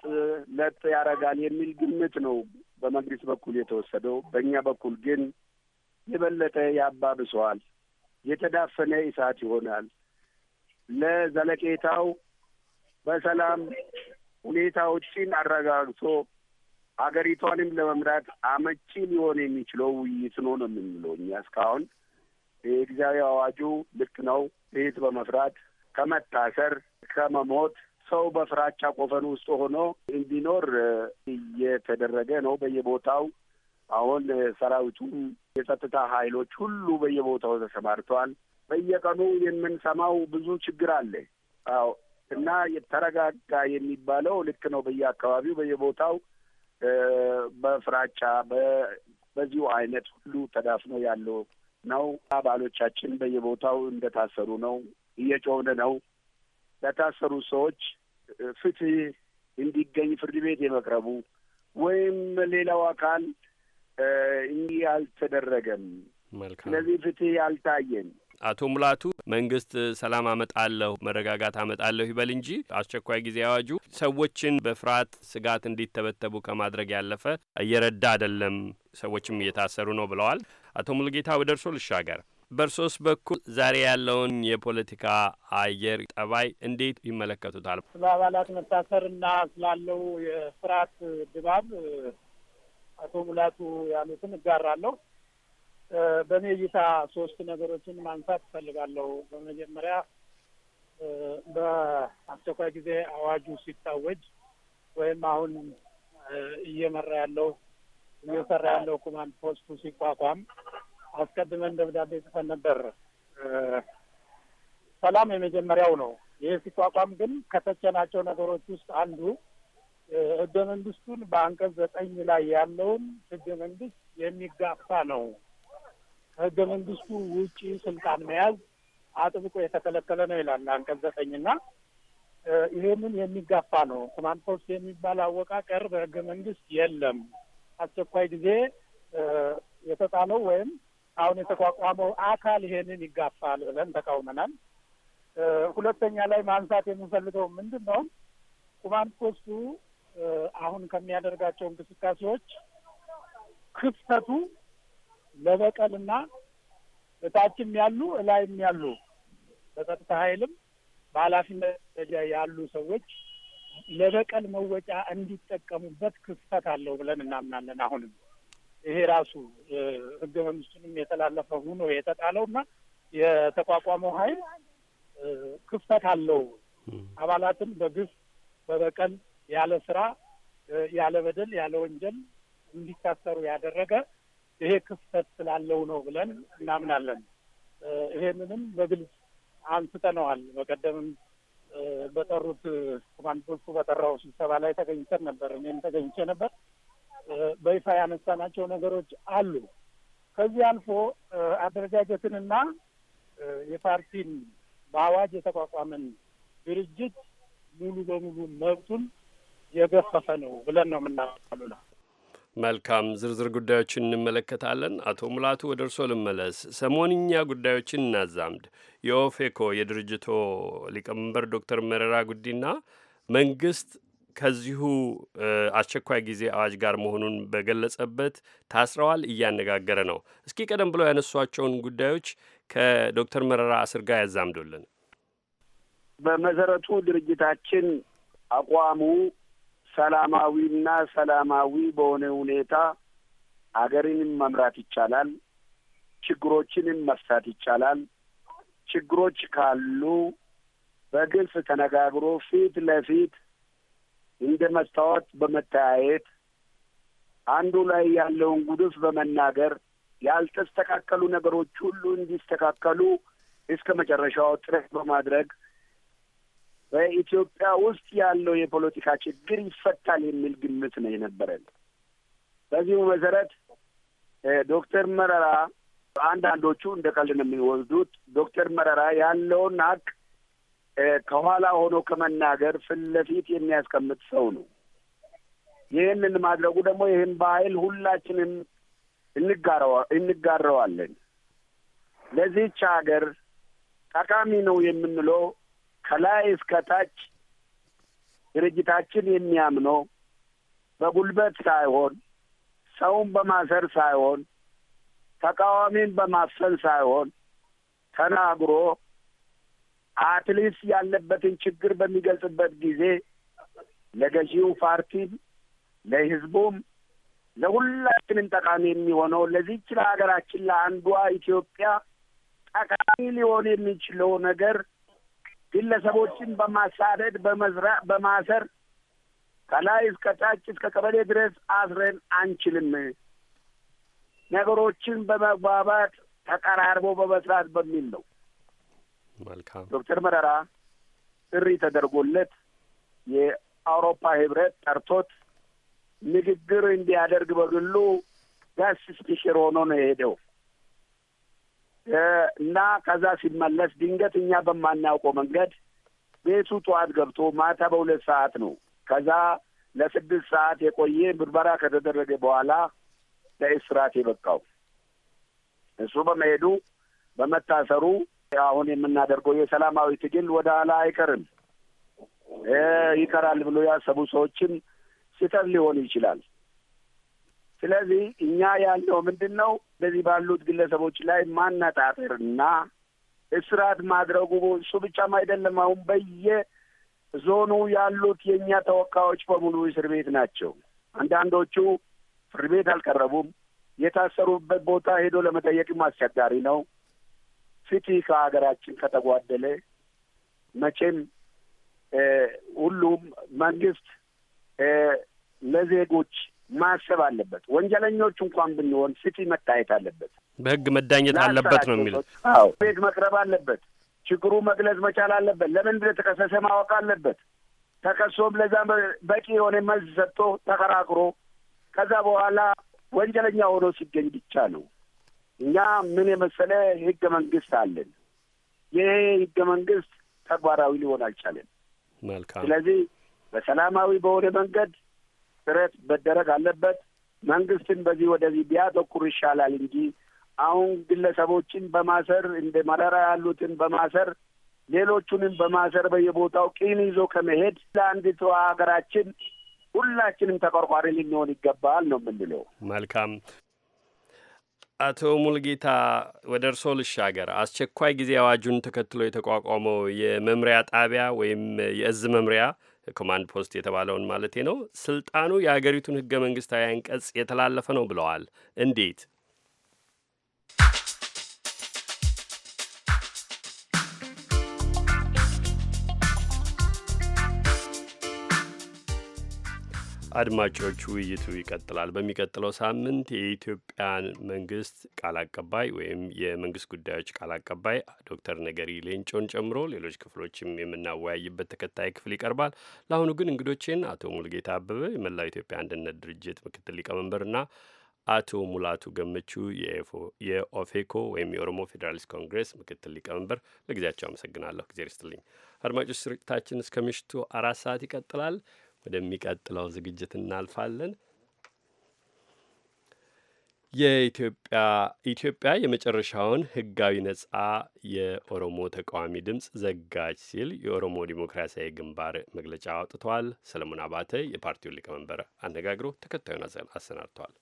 ለጥ ያደርጋል የሚል ግምት ነው በመንግስት በኩል የተወሰደው። በእኛ በኩል ግን የበለጠ ያባብሰዋል፣ የተዳፈነ እሳት ይሆናል። ለዘለቄታው በሰላም ሁኔታዎችን አረጋግቶ ሀገሪቷንም ለመምራት አመቺ ሊሆን የሚችለው ውይይት ነው ነው የምንለው እኛ እስካሁን የጊዜያዊ አዋጁ ልክ ነው ቤት በመፍራት ከመታሰር ከመሞት ሰው በፍራቻ ቆፈን ውስጥ ሆኖ እንዲኖር እየተደረገ ነው በየቦታው። አሁን ሰራዊቱም የጸጥታ ኃይሎች ሁሉ በየቦታው ተሰማርተዋል። በየቀኑ የምንሰማው ብዙ ችግር አለ። አዎ እና የተረጋጋ የሚባለው ልክ ነው። በየአካባቢው በየቦታው በፍራቻ በዚሁ አይነት ሁሉ ተዳፍኖ ያለው ነው። አባሎቻችን በየቦታው እንደታሰሩ ነው። እየጮህን ነው። ለታሰሩ ሰዎች ፍትህ እንዲገኝ ፍርድ ቤት የመቅረቡ ወይም ሌላው አካል እንዲህ አልተደረገም። ስለዚህ ፍትህ አልታየም። አቶ ሙላቱ መንግስት ሰላም አመጣለሁ መረጋጋት አመጣለሁ ይበል እንጂ አስቸኳይ ጊዜ አዋጁ ሰዎችን በፍርሃት ስጋት እንዲተበተቡ ከማድረግ ያለፈ እየረዳ አይደለም፣ ሰዎችም እየታሰሩ ነው ብለዋል። አቶ ሙሉጌታ ወደ ልሻገር። በእርሶስ በኩል ዛሬ ያለውን የፖለቲካ አየር ጠባይ እንዴት ይመለከቱታል? ስለ አባላት መታሰር እና ስላለው የፍርሃት ድባብ አቶ ሙላቱ ያሉትን እጋራለሁ። በእኔ እይታ ሶስት ነገሮችን ማንሳት እፈልጋለሁ። በመጀመሪያ በአስቸኳይ ጊዜ አዋጁ ሲታወጅ ወይም አሁን እየመራ ያለው እየሰራ ያለው ኮማንድ ፖስቱ ሲቋቋም አስቀድመን ደብዳቤ ጽፈን ነበር። ሰላም የመጀመሪያው ነው። ይህ ሲቋቋም ግን ከተቸናቸው ነገሮች ውስጥ አንዱ ህገ መንግስቱን በአንቀጽ ዘጠኝ ላይ ያለውን ህገ መንግስት የሚጋፋ ነው። ከህገ መንግስቱ ውጪ ስልጣን መያዝ አጥብቆ የተከለከለ ነው ይላል አንቀጽ ዘጠኝና ይሄንን የሚጋፋ ነው። ኮማንድ ፖስት የሚባል አወቃቀር በህገ መንግስት የለም። አስቸኳይ ጊዜ የተጣለው ወይም አሁን የተቋቋመው አካል ይሄንን ይጋፋል ብለን ተቃውመናል። ሁለተኛ ላይ ማንሳት የምንፈልገው ምንድን ነው? ቁማንድ ፖስቱ አሁን ከሚያደርጋቸው እንቅስቃሴዎች ክፍተቱ ለበቀልና እታችም ያሉ እላይም ያሉ በጸጥታ ኃይልም በኃላፊነት ደረጃ ያሉ ሰዎች ለበቀል መወጫ እንዲጠቀሙበት ክፍተት አለው ብለን እናምናለን። አሁንም ይሄ ራሱ ህገ መንግስቱንም የተላለፈ ሆኖ የተጣለው እና የተቋቋመው ኃይል ክፍተት አለው። አባላትን በግፍ በበቀል ያለ ስራ ያለ በደል ያለ ወንጀል እንዲታሰሩ ያደረገ ይሄ ክፍተት ስላለው ነው ብለን እናምናለን። ይሄንንም በግልጽ አንስተነዋል። በቀደምም በጠሩት ኮማንድ ፖስቱ በጠራው ስብሰባ ላይ ተገኝተን ነበር። እኔም ተገኝቼ ነበር። በይፋ ያነሳናቸው ነገሮች አሉ። ከዚህ አልፎ አደረጃጀትንና የፓርቲን በአዋጅ የተቋቋመን ድርጅት ሙሉ በሙሉ መብቱን የገፈፈ ነው ብለን ነው የምናሉ የምናሉላ። መልካም ዝርዝር ጉዳዮችን እንመለከታለን። አቶ ሙላቱ ወደ እርስዎ ልመለስ። ሰሞንኛ ጉዳዮችን እናዛምድ። የኦፌኮ የድርጅቶ ሊቀመንበር ዶክተር መረራ ጉዲና መንግስት ከዚሁ አስቸኳይ ጊዜ አዋጅ ጋር መሆኑን በገለጸበት ታስረዋል፣ እያነጋገረ ነው። እስኪ ቀደም ብለው ያነሷቸውን ጉዳዮች ከዶክተር መረራ እስር ጋር ያዛምዶልን። በመሰረቱ ድርጅታችን አቋሙ ሰላማዊና ሰላማዊ በሆነ ሁኔታ አገርንም መምራት ይቻላል፣ ችግሮችንም መፍታት ይቻላል፣ ችግሮች ካሉ በግልጽ ተነጋግሮ ፊት ለፊት እንደ መስታወት በመተያየት አንዱ ላይ ያለውን ጉድፍ በመናገር ያልተስተካከሉ ነገሮች ሁሉ እንዲስተካከሉ እስከ መጨረሻው ጥረት በማድረግ በኢትዮጵያ ውስጥ ያለው የፖለቲካ ችግር ይፈታል የሚል ግምት ነው የነበረን። በዚሁ መሰረት ዶክተር መረራ አንዳንዶቹ እንደ ቀልድ ነው የሚወስዱት። ዶክተር መረራ ያለውን ሀቅ ከኋላ ሆኖ ከመናገር ፊት ለፊት የሚያስቀምጥ ሰው ነው። ይህንን ማድረጉ ደግሞ ይህን ባህል ሁላችንም እንጋረዋለን። ለዚህች ሀገር ጠቃሚ ነው የምንለው ከላይ እስከ ታች ድርጅታችን የሚያምነው በጉልበት ሳይሆን ሰውን በማሰር ሳይሆን ተቃዋሚን በማፈን ሳይሆን ተናግሮ አትሊስት ያለበትን ችግር በሚገልጽበት ጊዜ ለገዢው ፓርቲም ለህዝቡም ለሁላችንም ጠቃሚ የሚሆነው ለዚች ለሀገራችን ለአንዷ ኢትዮጵያ ጠቃሚ ሊሆን የሚችለው ነገር ግለሰቦችን በማሳደድ በመዝራ በማሰር ከላይ እስከ ታች እስከ ቀበሌ ድረስ አስረን አንችልም። ነገሮችን በመግባባት ተቀራርቦ በመስራት በሚል ነው። መልካም ዶክተር መረራ ጥሪ ተደርጎለት የአውሮፓ ህብረት ጠርቶት ንግግር እንዲያደርግ በግሉ ጋስ ስፒሽር ሆኖ ነው የሄደው እና ከዛ ሲመለስ ድንገት እኛ በማናውቀው መንገድ ቤቱ ጠዋት ገብቶ ማታ በሁለት ሰዓት ነው። ከዛ ለስድስት ሰዓት የቆየ ምርመራ ከተደረገ በኋላ ለእስራት የበቃው እሱ በመሄዱ በመታሰሩ አሁን የምናደርገው የሰላማዊ ትግል ወደ ኋላ አይቀርም። ይቀራል ብሎ ያሰቡ ሰዎችም ስህተት ሊሆን ይችላል። ስለዚህ እኛ ያለው ምንድን ነው? በዚህ ባሉት ግለሰቦች ላይ ማነጣጠርና እስራት ማድረጉ እሱ ብቻም አይደለም። አሁን በየ ዞኑ ያሉት የእኛ ተወካዮች በሙሉ እስር ቤት ናቸው። አንዳንዶቹ ፍርድ ቤት አልቀረቡም። የታሰሩበት ቦታ ሄዶ ለመጠየቅም አስቸጋሪ ነው። ፍትህ ከሀገራችን ከተጓደለ መቼም ሁሉም መንግስት ለዜጎች ማሰብ አለበት። ወንጀለኞች እንኳን ብንሆን ፍትህ መታየት አለበት። በህግ መዳኘት አለበት ነው የሚሉት። አዎ ቤት መቅረብ አለበት። ችግሩ መግለጽ መቻል አለበት። ለምን እንደተከሰሰ ማወቅ አለበት። ተከሶም ለዛ በቂ የሆነ መልስ ሰጥቶ ተከራክሮ ከዛ በኋላ ወንጀለኛ ሆኖ ሲገኝ ብቻ ነው። እኛ ምን የመሰለ ህገ መንግስት አለን። ይሄ ህገ መንግስት ተግባራዊ ሊሆን አልቻለም። መልካም። ስለዚህ በሰላማዊ በሆነ መንገድ ጥረት መደረግ አለበት። መንግስትን በዚህ ወደዚህ ቢያተኩር ይሻላል እንጂ አሁን ግለሰቦችን በማሰር እንደ መረራ ያሉትን በማሰር ሌሎቹንም በማሰር በየቦታው ቂም ይዞ ከመሄድ ለአንዲቷ ሀገራችን ሁላችንም ተቆርቋሪ ልንሆን ይገባል ነው የምንለው። መልካም አቶ ሙልጌታ ወደ እርሶ ልሻገር። አስቸኳይ ጊዜ አዋጁን ተከትሎ የተቋቋመው የመምሪያ ጣቢያ ወይም የእዝ መምሪያ ኮማንድ ፖስት የተባለውን ማለቴ ነው። ስልጣኑ የአገሪቱን ህገ መንግስታዊ አንቀጽ የተላለፈ ነው ብለዋል። እንዴት አድማጮች ውይይቱ ይቀጥላል። በሚቀጥለው ሳምንት የኢትዮጵያን መንግስት ቃል አቀባይ ወይም የመንግስት ጉዳዮች ቃል አቀባይ ዶክተር ነገሪ ሌንጮን ጨምሮ ሌሎች ክፍሎችም የምናወያይበት ተከታይ ክፍል ይቀርባል። ለአሁኑ ግን እንግዶቼን አቶ ሙልጌታ አበበ የመላው ኢትዮጵያ አንድነት ድርጅት ምክትል ሊቀመንበርና አቶ ሙላቱ ገመቹ የኦፌኮ ወይም የኦሮሞ ፌዴራሊስት ኮንግሬስ ምክትል ሊቀመንበር ለጊዜያቸው አመሰግናለሁ። ጊዜ ርስትልኝ አድማጮች፣ ስርጭታችን እስከ ምሽቱ አራት ሰዓት ይቀጥላል። ወደሚቀጥለው ዝግጅት እናልፋለን። የኢትዮጵያ ኢትዮጵያ የመጨረሻውን ህጋዊ ነጻ የኦሮሞ ተቃዋሚ ድምፅ ዘጋጅ ሲል የኦሮሞ ዲሞክራሲያዊ ግንባር መግለጫ አውጥተዋል። ሰለሞን አባተ የፓርቲውን ሊቀመንበር አነጋግሮ ተከታዩን አሰናድተዋል።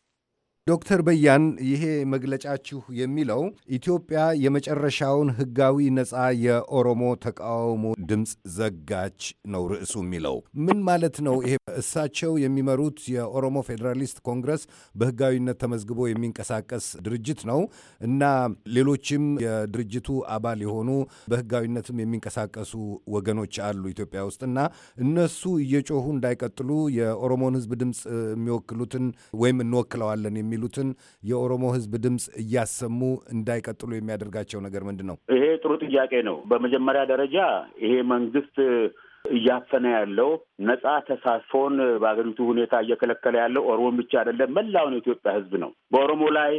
ዶክተር በያን ይሄ መግለጫችሁ የሚለው ኢትዮጵያ የመጨረሻውን ህጋዊ ነፃ የኦሮሞ ተቃውሞ ድምፅ ዘጋች ነው ርዕሱ የሚለው ምን ማለት ነው? ይሄ እሳቸው የሚመሩት የኦሮሞ ፌዴራሊስት ኮንግረስ በህጋዊነት ተመዝግቦ የሚንቀሳቀስ ድርጅት ነው እና ሌሎችም የድርጅቱ አባል የሆኑ በህጋዊነትም የሚንቀሳቀሱ ወገኖች አሉ ኢትዮጵያ ውስጥ እና እነሱ እየጮሁ እንዳይቀጥሉ የኦሮሞን ህዝብ ድምፅ የሚወክሉትን ወይም እንወክለዋለን የሚሉትን የኦሮሞ ህዝብ ድምፅ እያሰሙ እንዳይቀጥሉ የሚያደርጋቸው ነገር ምንድን ነው? ይሄ ጥሩ ጥያቄ ነው። በመጀመሪያ ደረጃ ይሄ መንግስት እያፈነ ያለው ነጻ ተሳትፎን በአገሪቱ ሁኔታ እየከለከለ ያለው ኦሮሞን ብቻ አይደለም፣ መላውን የኢትዮጵያ ህዝብ ነው። በኦሮሞ ላይ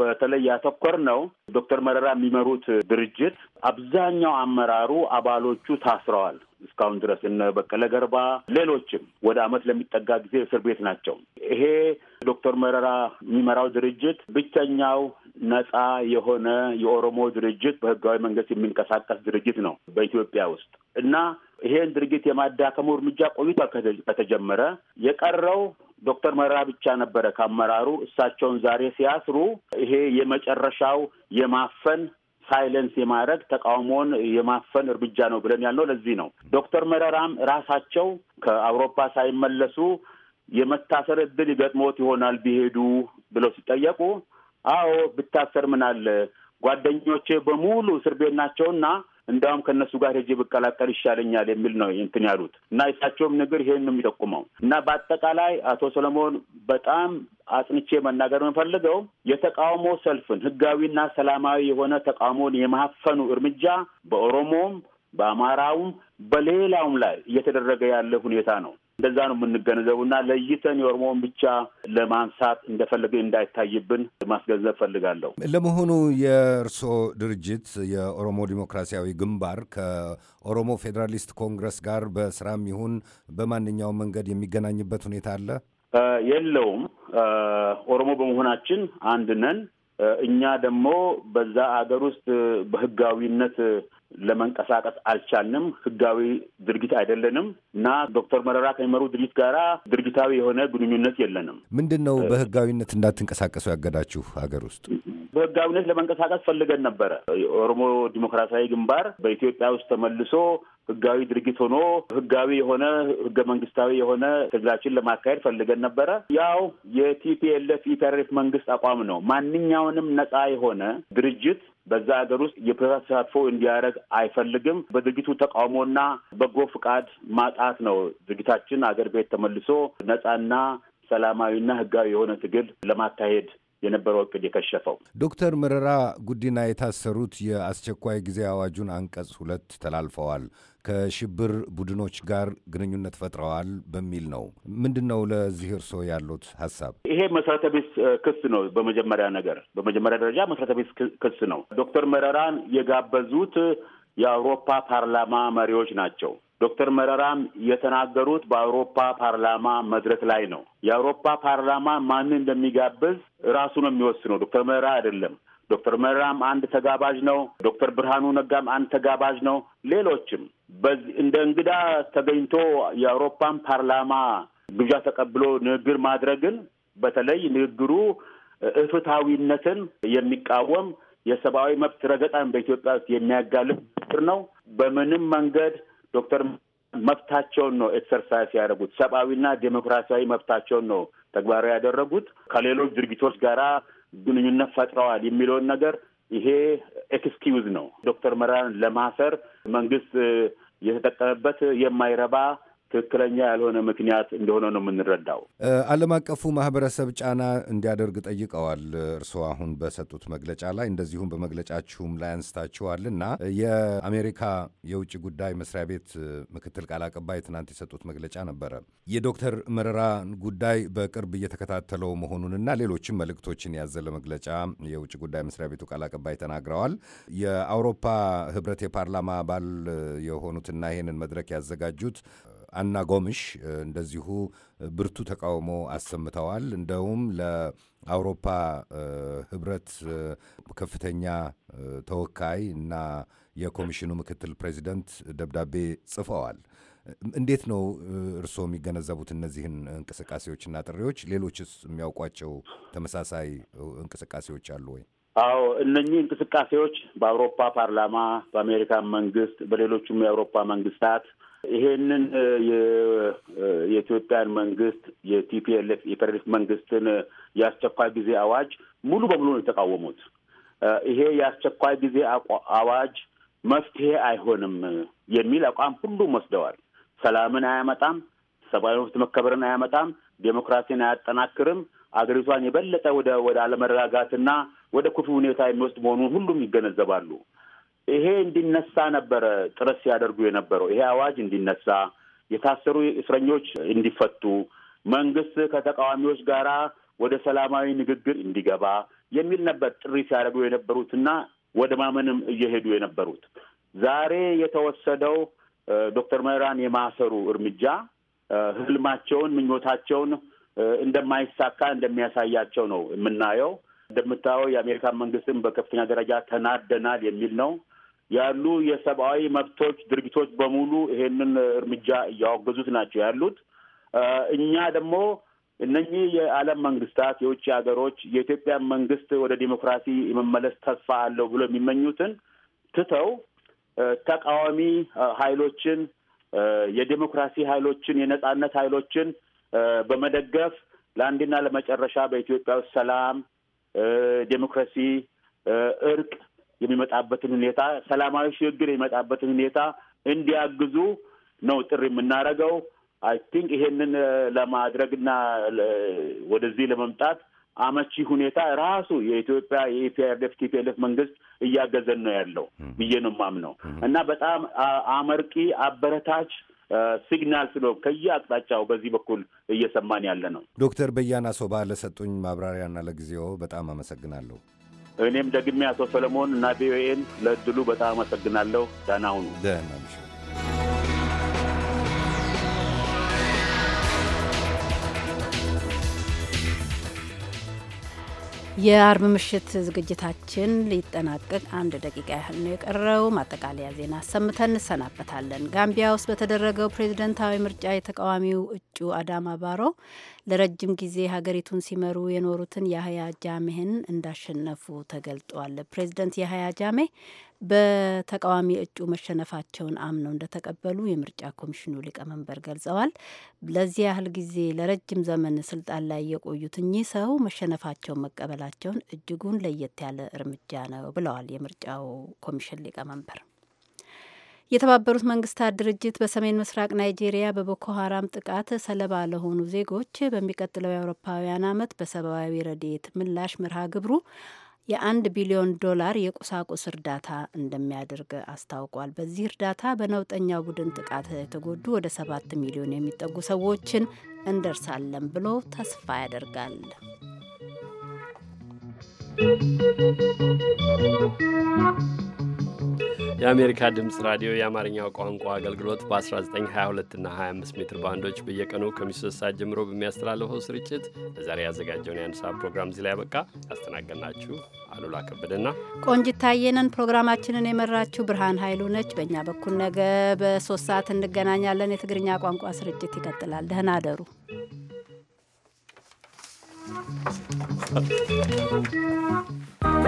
በተለይ ያተኮር ነው ዶክተር መረራ የሚመሩት ድርጅት አብዛኛው አመራሩ አባሎቹ ታስረዋል እስካሁን ድረስ እነ በቀለ ገርባ፣ ሌሎችም ወደ አመት ለሚጠጋ ጊዜ እስር ቤት ናቸው። ይሄ ዶክተር መረራ የሚመራው ድርጅት ብቸኛው ነፃ የሆነ የኦሮሞ ድርጅት በህጋዊ መንግስት የሚንቀሳቀስ ድርጅት ነው በኢትዮጵያ ውስጥ እና ይሄን ድርጊት የማዳከሙ እርምጃ ቆይቶ ከተጀመረ የቀረው ዶክተር መረራ ብቻ ነበረ ከአመራሩ። እሳቸውን ዛሬ ሲያስሩ ይሄ የመጨረሻው የማፈን ሳይለንስ የማድረግ ተቃውሞውን የማፈን እርምጃ ነው ብለን ያልነው ለዚህ ነው። ዶክተር መረራም ራሳቸው ከአውሮፓ ሳይመለሱ የመታሰር እድል ይገጥሞት ይሆናል ቢሄዱ ብለው ሲጠየቁ አዎ ብታሰር ምናለ ጓደኞቼ በሙሉ እስር ቤት ናቸውና እንዳውም ከእነሱ ጋር ሄጄ ብቀላቀል ይሻለኛል የሚል ነው እንትን ያሉት እና የሳቸውም ንግር ይሄን ነው የሚጠቁመው እና በአጠቃላይ አቶ ሰለሞን በጣም አጥንቼ መናገር የምፈልገው የተቃውሞ ሰልፍን ህጋዊና ሰላማዊ የሆነ ተቃውሞን የማፈኑ እርምጃ በኦሮሞም በአማራውም በሌላውም ላይ እየተደረገ ያለ ሁኔታ ነው። እንደዛ ነው የምንገነዘቡ እና ለይተን የኦሮሞውን ብቻ ለማንሳት እንደፈለገ እንዳይታይብን ማስገንዘብ ፈልጋለሁ። ለመሆኑ የእርሶ ድርጅት የኦሮሞ ዲሞክራሲያዊ ግንባር ከኦሮሞ ፌዴራሊስት ኮንግረስ ጋር በስራም ይሁን በማንኛውም መንገድ የሚገናኝበት ሁኔታ አለ? የለውም። ኦሮሞ በመሆናችን አንድ ነን። እኛ ደግሞ በዛ አገር ውስጥ በህጋዊነት ለመንቀሳቀስ አልቻልንም። ህጋዊ ድርጊት አይደለንም እና ዶክተር መረራ ከሚመሩ ድርጅት ጋራ ድርጊታዊ የሆነ ግንኙነት የለንም። ምንድን ነው በህጋዊነት እንዳትንቀሳቀሱ ያገዳችሁ? ሀገር ውስጥ በህጋዊነት ለመንቀሳቀስ ፈልገን ነበረ። የኦሮሞ ዲሞክራሲያዊ ግንባር በኢትዮጵያ ውስጥ ተመልሶ ህጋዊ ድርጊት ሆኖ ህጋዊ የሆነ ህገ መንግስታዊ የሆነ ትግላችን ለማካሄድ ፈልገን ነበረ። ያው የቲፒኤልኤፍ ኢፒአርኤፍ መንግስት አቋም ነው። ማንኛውንም ነጻ የሆነ ድርጅት በዛ ሀገር ውስጥ የፕሬስ ተሳትፎ እንዲያደረግ አይፈልግም። በድርጊቱ ተቃውሞና በጎ ፍቃድ ማጣት ነው። ድርጊታችን አገር ቤት ተመልሶ ነጻና ሰላማዊና ህጋዊ የሆነ ትግል ለማካሄድ የነበረው እቅድ የከሸፈው። ዶክተር መረራ ጉዲና የታሰሩት የአስቸኳይ ጊዜ አዋጁን አንቀጽ ሁለት ተላልፈዋል፣ ከሽብር ቡድኖች ጋር ግንኙነት ፈጥረዋል በሚል ነው። ምንድን ነው ለዚህ እርስዎ ያሉት ሀሳብ? ይሄ መሰረተ ቢስ ክስ ነው። በመጀመሪያ ነገር በመጀመሪያ ደረጃ መሰረተ ቢስ ክስ ነው። ዶክተር መረራን የጋበዙት የአውሮፓ ፓርላማ መሪዎች ናቸው። ዶክተር መረራም የተናገሩት በአውሮፓ ፓርላማ መድረክ ላይ ነው። የአውሮፓ ፓርላማ ማንን እንደሚጋብዝ ራሱ ነው የሚወስነው፣ ዶክተር መረራ አይደለም። ዶክተር መረራም አንድ ተጋባዥ ነው። ዶክተር ብርሃኑ ነጋም አንድ ተጋባዥ ነው። ሌሎችም በዚህ እንደ እንግዳ ተገኝቶ የአውሮፓን ፓርላማ ግብዣ ተቀብሎ ንግግር ማድረግን በተለይ ንግግሩ እፍታዊነትን የሚቃወም የሰብአዊ መብት ረገጣን በኢትዮጵያ ውስጥ የሚያጋልፍ ንግግር ነው። በምንም መንገድ ዶክተር መብታቸውን ነው ኤክሰርሳይዝ ያደረጉት። ሰብአዊና ዴሞክራሲያዊ መብታቸውን ነው ተግባራዊ ያደረጉት። ከሌሎች ድርጊቶች ጋራ ግንኙነት ፈጥረዋል የሚለውን ነገር ይሄ ኤክስኪውዝ ነው። ዶክተር መራን ለማሰር መንግስት የተጠቀመበት የማይረባ ትክክለኛ ያልሆነ ምክንያት እንደሆነ ነው የምንረዳው። ዓለም አቀፉ ማህበረሰብ ጫና እንዲያደርግ ጠይቀዋል። እርስዎ አሁን በሰጡት መግለጫ ላይ እንደዚሁም በመግለጫችሁም ላይ አንስታችኋል እና የአሜሪካ የውጭ ጉዳይ መስሪያ ቤት ምክትል ቃል አቀባይ ትናንት የሰጡት መግለጫ ነበረ። የዶክተር መረራን ጉዳይ በቅርብ እየተከታተለው መሆኑንና ሌሎችም መልእክቶችን ያዘለ መግለጫ የውጭ ጉዳይ መስሪያ ቤቱ ቃል አቀባይ ተናግረዋል። የአውሮፓ ህብረት የፓርላማ አባል የሆኑትና ይህንን መድረክ ያዘጋጁት አና ጎምሽ እንደዚሁ ብርቱ ተቃውሞ አሰምተዋል። እንደውም ለአውሮፓ ህብረት ከፍተኛ ተወካይ እና የኮሚሽኑ ምክትል ፕሬዚደንት ደብዳቤ ጽፈዋል። እንዴት ነው እርስዎ የሚገነዘቡት እነዚህን እንቅስቃሴዎችና ጥሪዎች? ሌሎችስ የሚያውቋቸው ተመሳሳይ እንቅስቃሴዎች አሉ ወይ? አዎ እነኚህ እንቅስቃሴዎች በአውሮፓ ፓርላማ፣ በአሜሪካን መንግስት፣ በሌሎቹም የአውሮፓ መንግስታት ይሄንን የኢትዮጵያን መንግስት የቲፒኤልኤፍ የፌዴራሊስት መንግስትን የአስቸኳይ ጊዜ አዋጅ ሙሉ በሙሉ ነው የተቃወሙት። ይሄ የአስቸኳይ ጊዜ አዋጅ መፍትሄ አይሆንም የሚል አቋም ሁሉም ወስደዋል። ሰላምን አያመጣም፣ ሰብአዊ መብት መከበርን አያመጣም፣ ዴሞክራሲን አያጠናክርም፣ አገሪቷን የበለጠ ወደ ወደ አለመረጋጋትና ወደ ክፉ ሁኔታ የሚወስድ መሆኑን ሁሉም ይገነዘባሉ። ይሄ እንዲነሳ ነበረ ጥረት ሲያደርጉ የነበረው። ይሄ አዋጅ እንዲነሳ፣ የታሰሩ እስረኞች እንዲፈቱ፣ መንግስት ከተቃዋሚዎች ጋር ወደ ሰላማዊ ንግግር እንዲገባ የሚል ነበር ጥሪ ሲያደርጉ የነበሩትና ወደ ማመንም እየሄዱ የነበሩት። ዛሬ የተወሰደው ዶክተር መራን የማሰሩ እርምጃ ህልማቸውን፣ ምኞታቸውን እንደማይሳካ እንደሚያሳያቸው ነው የምናየው። እንደምታየው የአሜሪካን መንግስትም በከፍተኛ ደረጃ ተናደናል የሚል ነው። ያሉ የሰብአዊ መብቶች ድርጊቶች በሙሉ ይሄንን እርምጃ እያወገዙት ናቸው ያሉት። እኛ ደግሞ እነኚህ የዓለም መንግስታት፣ የውጭ ሀገሮች የኢትዮጵያ መንግስት ወደ ዲሞክራሲ የመመለስ ተስፋ አለው ብሎ የሚመኙትን ትተው ተቃዋሚ ሀይሎችን የዲሞክራሲ ሀይሎችን የነጻነት ሀይሎችን በመደገፍ ለአንድና ለመጨረሻ በኢትዮጵያ ውስጥ ሰላም፣ ዴሞክራሲ፣ እርቅ የሚመጣበትን ሁኔታ ሰላማዊ ሽግግር የሚመጣበትን ሁኔታ እንዲያግዙ ነው ጥሪ የምናደርገው። አይ ቲንክ ይሄንን ለማድረግና ወደዚህ ለመምጣት አመቺ ሁኔታ ራሱ የኢትዮጵያ የኢፒአርዴፍ ቲፒኤልኤፍ መንግስት እያገዘን ነው ያለው ብዬ ነው የማምነው እና በጣም አመርቂ አበረታች ሲግናል ከየ አቅጣጫው በዚህ በኩል እየሰማን ያለ ነው። ዶክተር በያና ሶባ ለሰጡኝ ማብራሪያና ለጊዜው በጣም አመሰግናለሁ። እኔም ደግሜ አቶ ሰለሞን እና ቪኦኤን ለእድሉ በጣም አመሰግናለሁ። ደህና ሁኑ። የአርብ ምሽት ዝግጅታችን ሊጠናቀቅ አንድ ደቂቃ ያህል ነው የቀረው። ማጠቃለያ ዜና አሰምተን እንሰናበታለን። ጋምቢያ ውስጥ በተደረገው ፕሬዝደንታዊ ምርጫ የተቃዋሚው እጩ አዳማ ባሮ ለረጅም ጊዜ ሀገሪቱን ሲመሩ የኖሩትን ያህያ ጃሜህን እንዳሸነፉ ተገልጧል። ፕሬዝደንት ያህያ ጃሜ በተቃዋሚ እጩ መሸነፋቸውን አምነው እንደተቀበሉ የምርጫ ኮሚሽኑ ሊቀመንበር ገልጸዋል። ለዚህ ያህል ጊዜ ለረጅም ዘመን ስልጣን ላይ የቆዩት እኚህ ሰው መሸነፋቸውን መቀበላቸውን እጅጉን ለየት ያለ እርምጃ ነው ብለዋል የምርጫው ኮሚሽን ሊቀመንበር። የተባበሩት መንግስታት ድርጅት በሰሜን ምስራቅ ናይጄሪያ በቦኮ ሀራም ጥቃት ሰለባ ለሆኑ ዜጎች በሚቀጥለው የአውሮፓውያን አመት በሰብአዊ ረድኤት ምላሽ መርሃ ግብሩ የአንድ ቢሊዮን ዶላር የቁሳቁስ እርዳታ እንደሚያደርግ አስታውቋል። በዚህ እርዳታ በነውጠኛ ቡድን ጥቃት የተጎዱ ወደ ሰባት ሚሊዮን የሚጠጉ ሰዎችን እንደርሳለን ብሎ ተስፋ ያደርጋል። Thank you. የአሜሪካ ድምፅ ራዲዮ የአማርኛው ቋንቋ አገልግሎት በ1922 እና 25 ሜትር ባንዶች በየቀኑ ከምሽቱ ሶስት ሰዓት ጀምሮ በሚያስተላልፈው ስርጭት ለዛሬ ያዘጋጀውን የአንድ ሰዓት ፕሮግራም እዚህ ላይ ያበቃ። ያስተናገድናችሁ አሉላ ከበደና ቆንጂት ፕሮግራማችንን የመራችሁ ብርሃን ኃይሉ ነች። በእኛ በኩል ነገ በሶስት ሰዓት እንገናኛለን። የትግርኛ ቋንቋ ስርጭት ይቀጥላል። ደህና አደሩ።